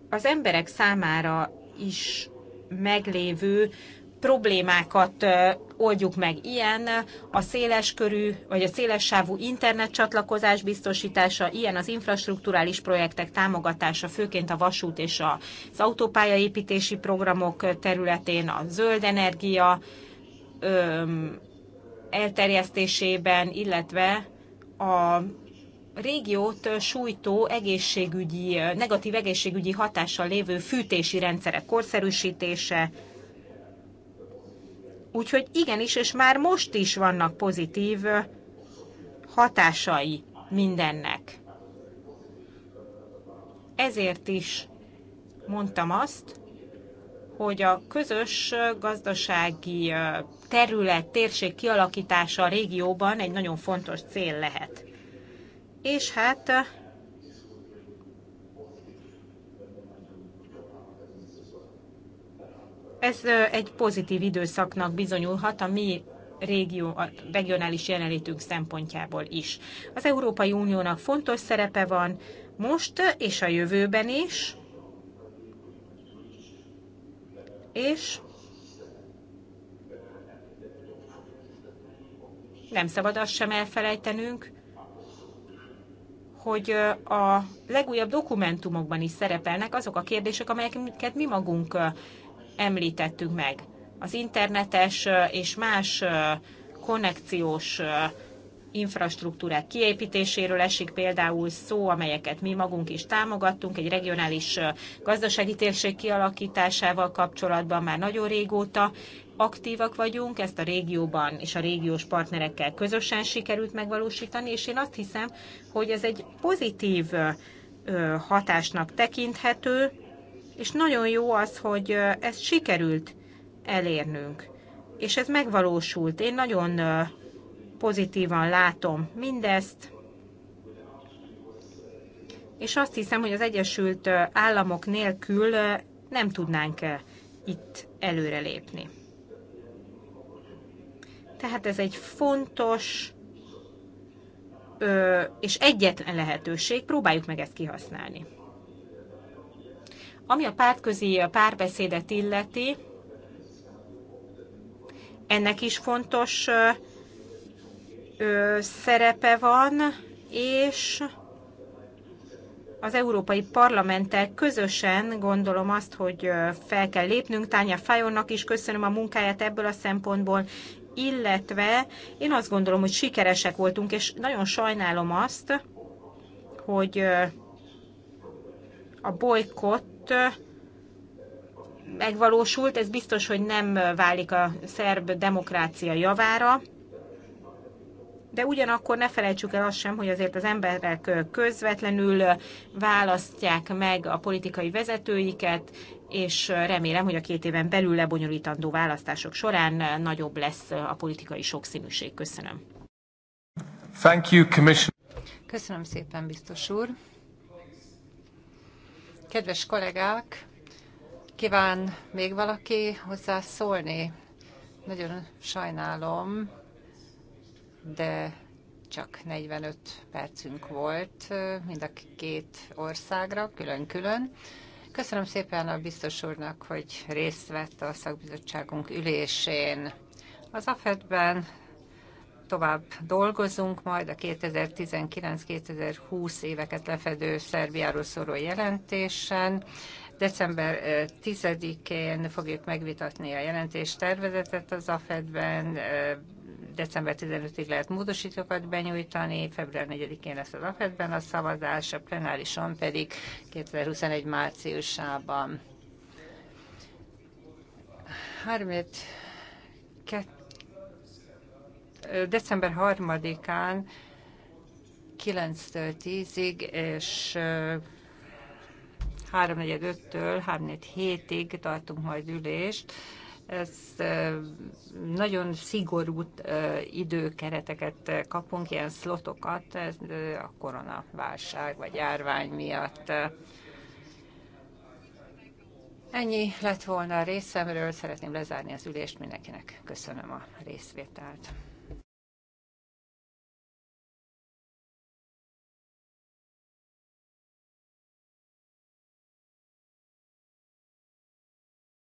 az emberek számára is meglévő problémákat oldjuk meg ilyen a széleskörű vagy a szélessávú internetcsatlakozás biztosítása, ilyen az infrastruktúrális projektek támogatása, főként a vasút és az autópályaépítési programok területén, a zöld energia, öm, elterjesztésében, illetve a régiót sújtó egészségügyi, negatív egészségügyi hatással lévő fűtési rendszerek korszerűsítése. Úgyhogy igenis, és már most is vannak pozitív hatásai mindennek. Ezért is mondtam azt, hogy a közös gazdasági terület, térség kialakítása a régióban egy nagyon fontos cél lehet. És hát ez egy pozitív időszaknak bizonyulhat a mi régió, a regionális jelenlétünk szempontjából is. Az Európai Uniónak fontos szerepe van most és a jövőben is, és nem szabad azt sem elfelejtenünk, hogy a legújabb dokumentumokban is szerepelnek azok a kérdések, amelyeket mi magunk említettünk meg. Az internetes és más konnekciós infrastruktúrák kiépítéséről esik például szó, amelyeket mi magunk is támogattunk, egy regionális gazdasági térség kialakításával kapcsolatban már nagyon régóta aktívak vagyunk, ezt a régióban és a régiós partnerekkel közösen sikerült megvalósítani, és én azt hiszem, hogy ez egy pozitív hatásnak tekinthető, és nagyon jó az, hogy ezt sikerült elérnünk. És ez megvalósult. Én nagyon pozitívan látom mindezt, és azt hiszem, hogy az Egyesült Államok nélkül nem tudnánk itt előrelépni. Tehát ez egy fontos és egyetlen lehetőség, próbáljuk meg ezt kihasználni. Ami a pártközi párbeszédet illeti, ennek is fontos ö, szerepe van, és az Európai Parlamenttel közösen gondolom azt, hogy fel kell lépnünk. Tánya Fajonnak is köszönöm a munkáját ebből a szempontból, illetve én azt gondolom, hogy sikeresek voltunk, és nagyon sajnálom azt, hogy a bolykott megvalósult, ez biztos, hogy nem válik a szerb demokrácia javára, de ugyanakkor ne felejtsük el azt sem, hogy azért az emberek közvetlenül választják meg a politikai vezetőiket, és remélem, hogy a két éven belül lebonyolítandó választások során nagyobb lesz a politikai sokszínűség. Köszönöm. Thank you, Köszönöm szépen, biztos úr. Kedves kollégák, kíván még valaki hozzászólni? Nagyon sajnálom, de csak 45 percünk volt mind a két országra külön-külön. Köszönöm szépen a biztos úrnak, hogy részt vett a szakbizottságunk ülésén. Az AFED-ben tovább dolgozunk, majd a 2019-2020 éveket lefedő Szerbiáról szóló jelentésen. December 10-én fogjuk megvitatni a jelentés tervezetet az AFED-ben, december 15-ig lehet módosítókat benyújtani, február 4-én lesz az afed a szavazás, a plenárison pedig 2021 márciusában. 32 december 3-án 9-től 10-ig és 3-4-5-től 3-4-7-ig tartunk majd ülést ez nagyon szigorú időkereteket kapunk, ilyen szlotokat ez a koronaválság vagy járvány miatt. Ennyi lett volna a részemről, szeretném lezárni az ülést, mindenkinek köszönöm a részvételt.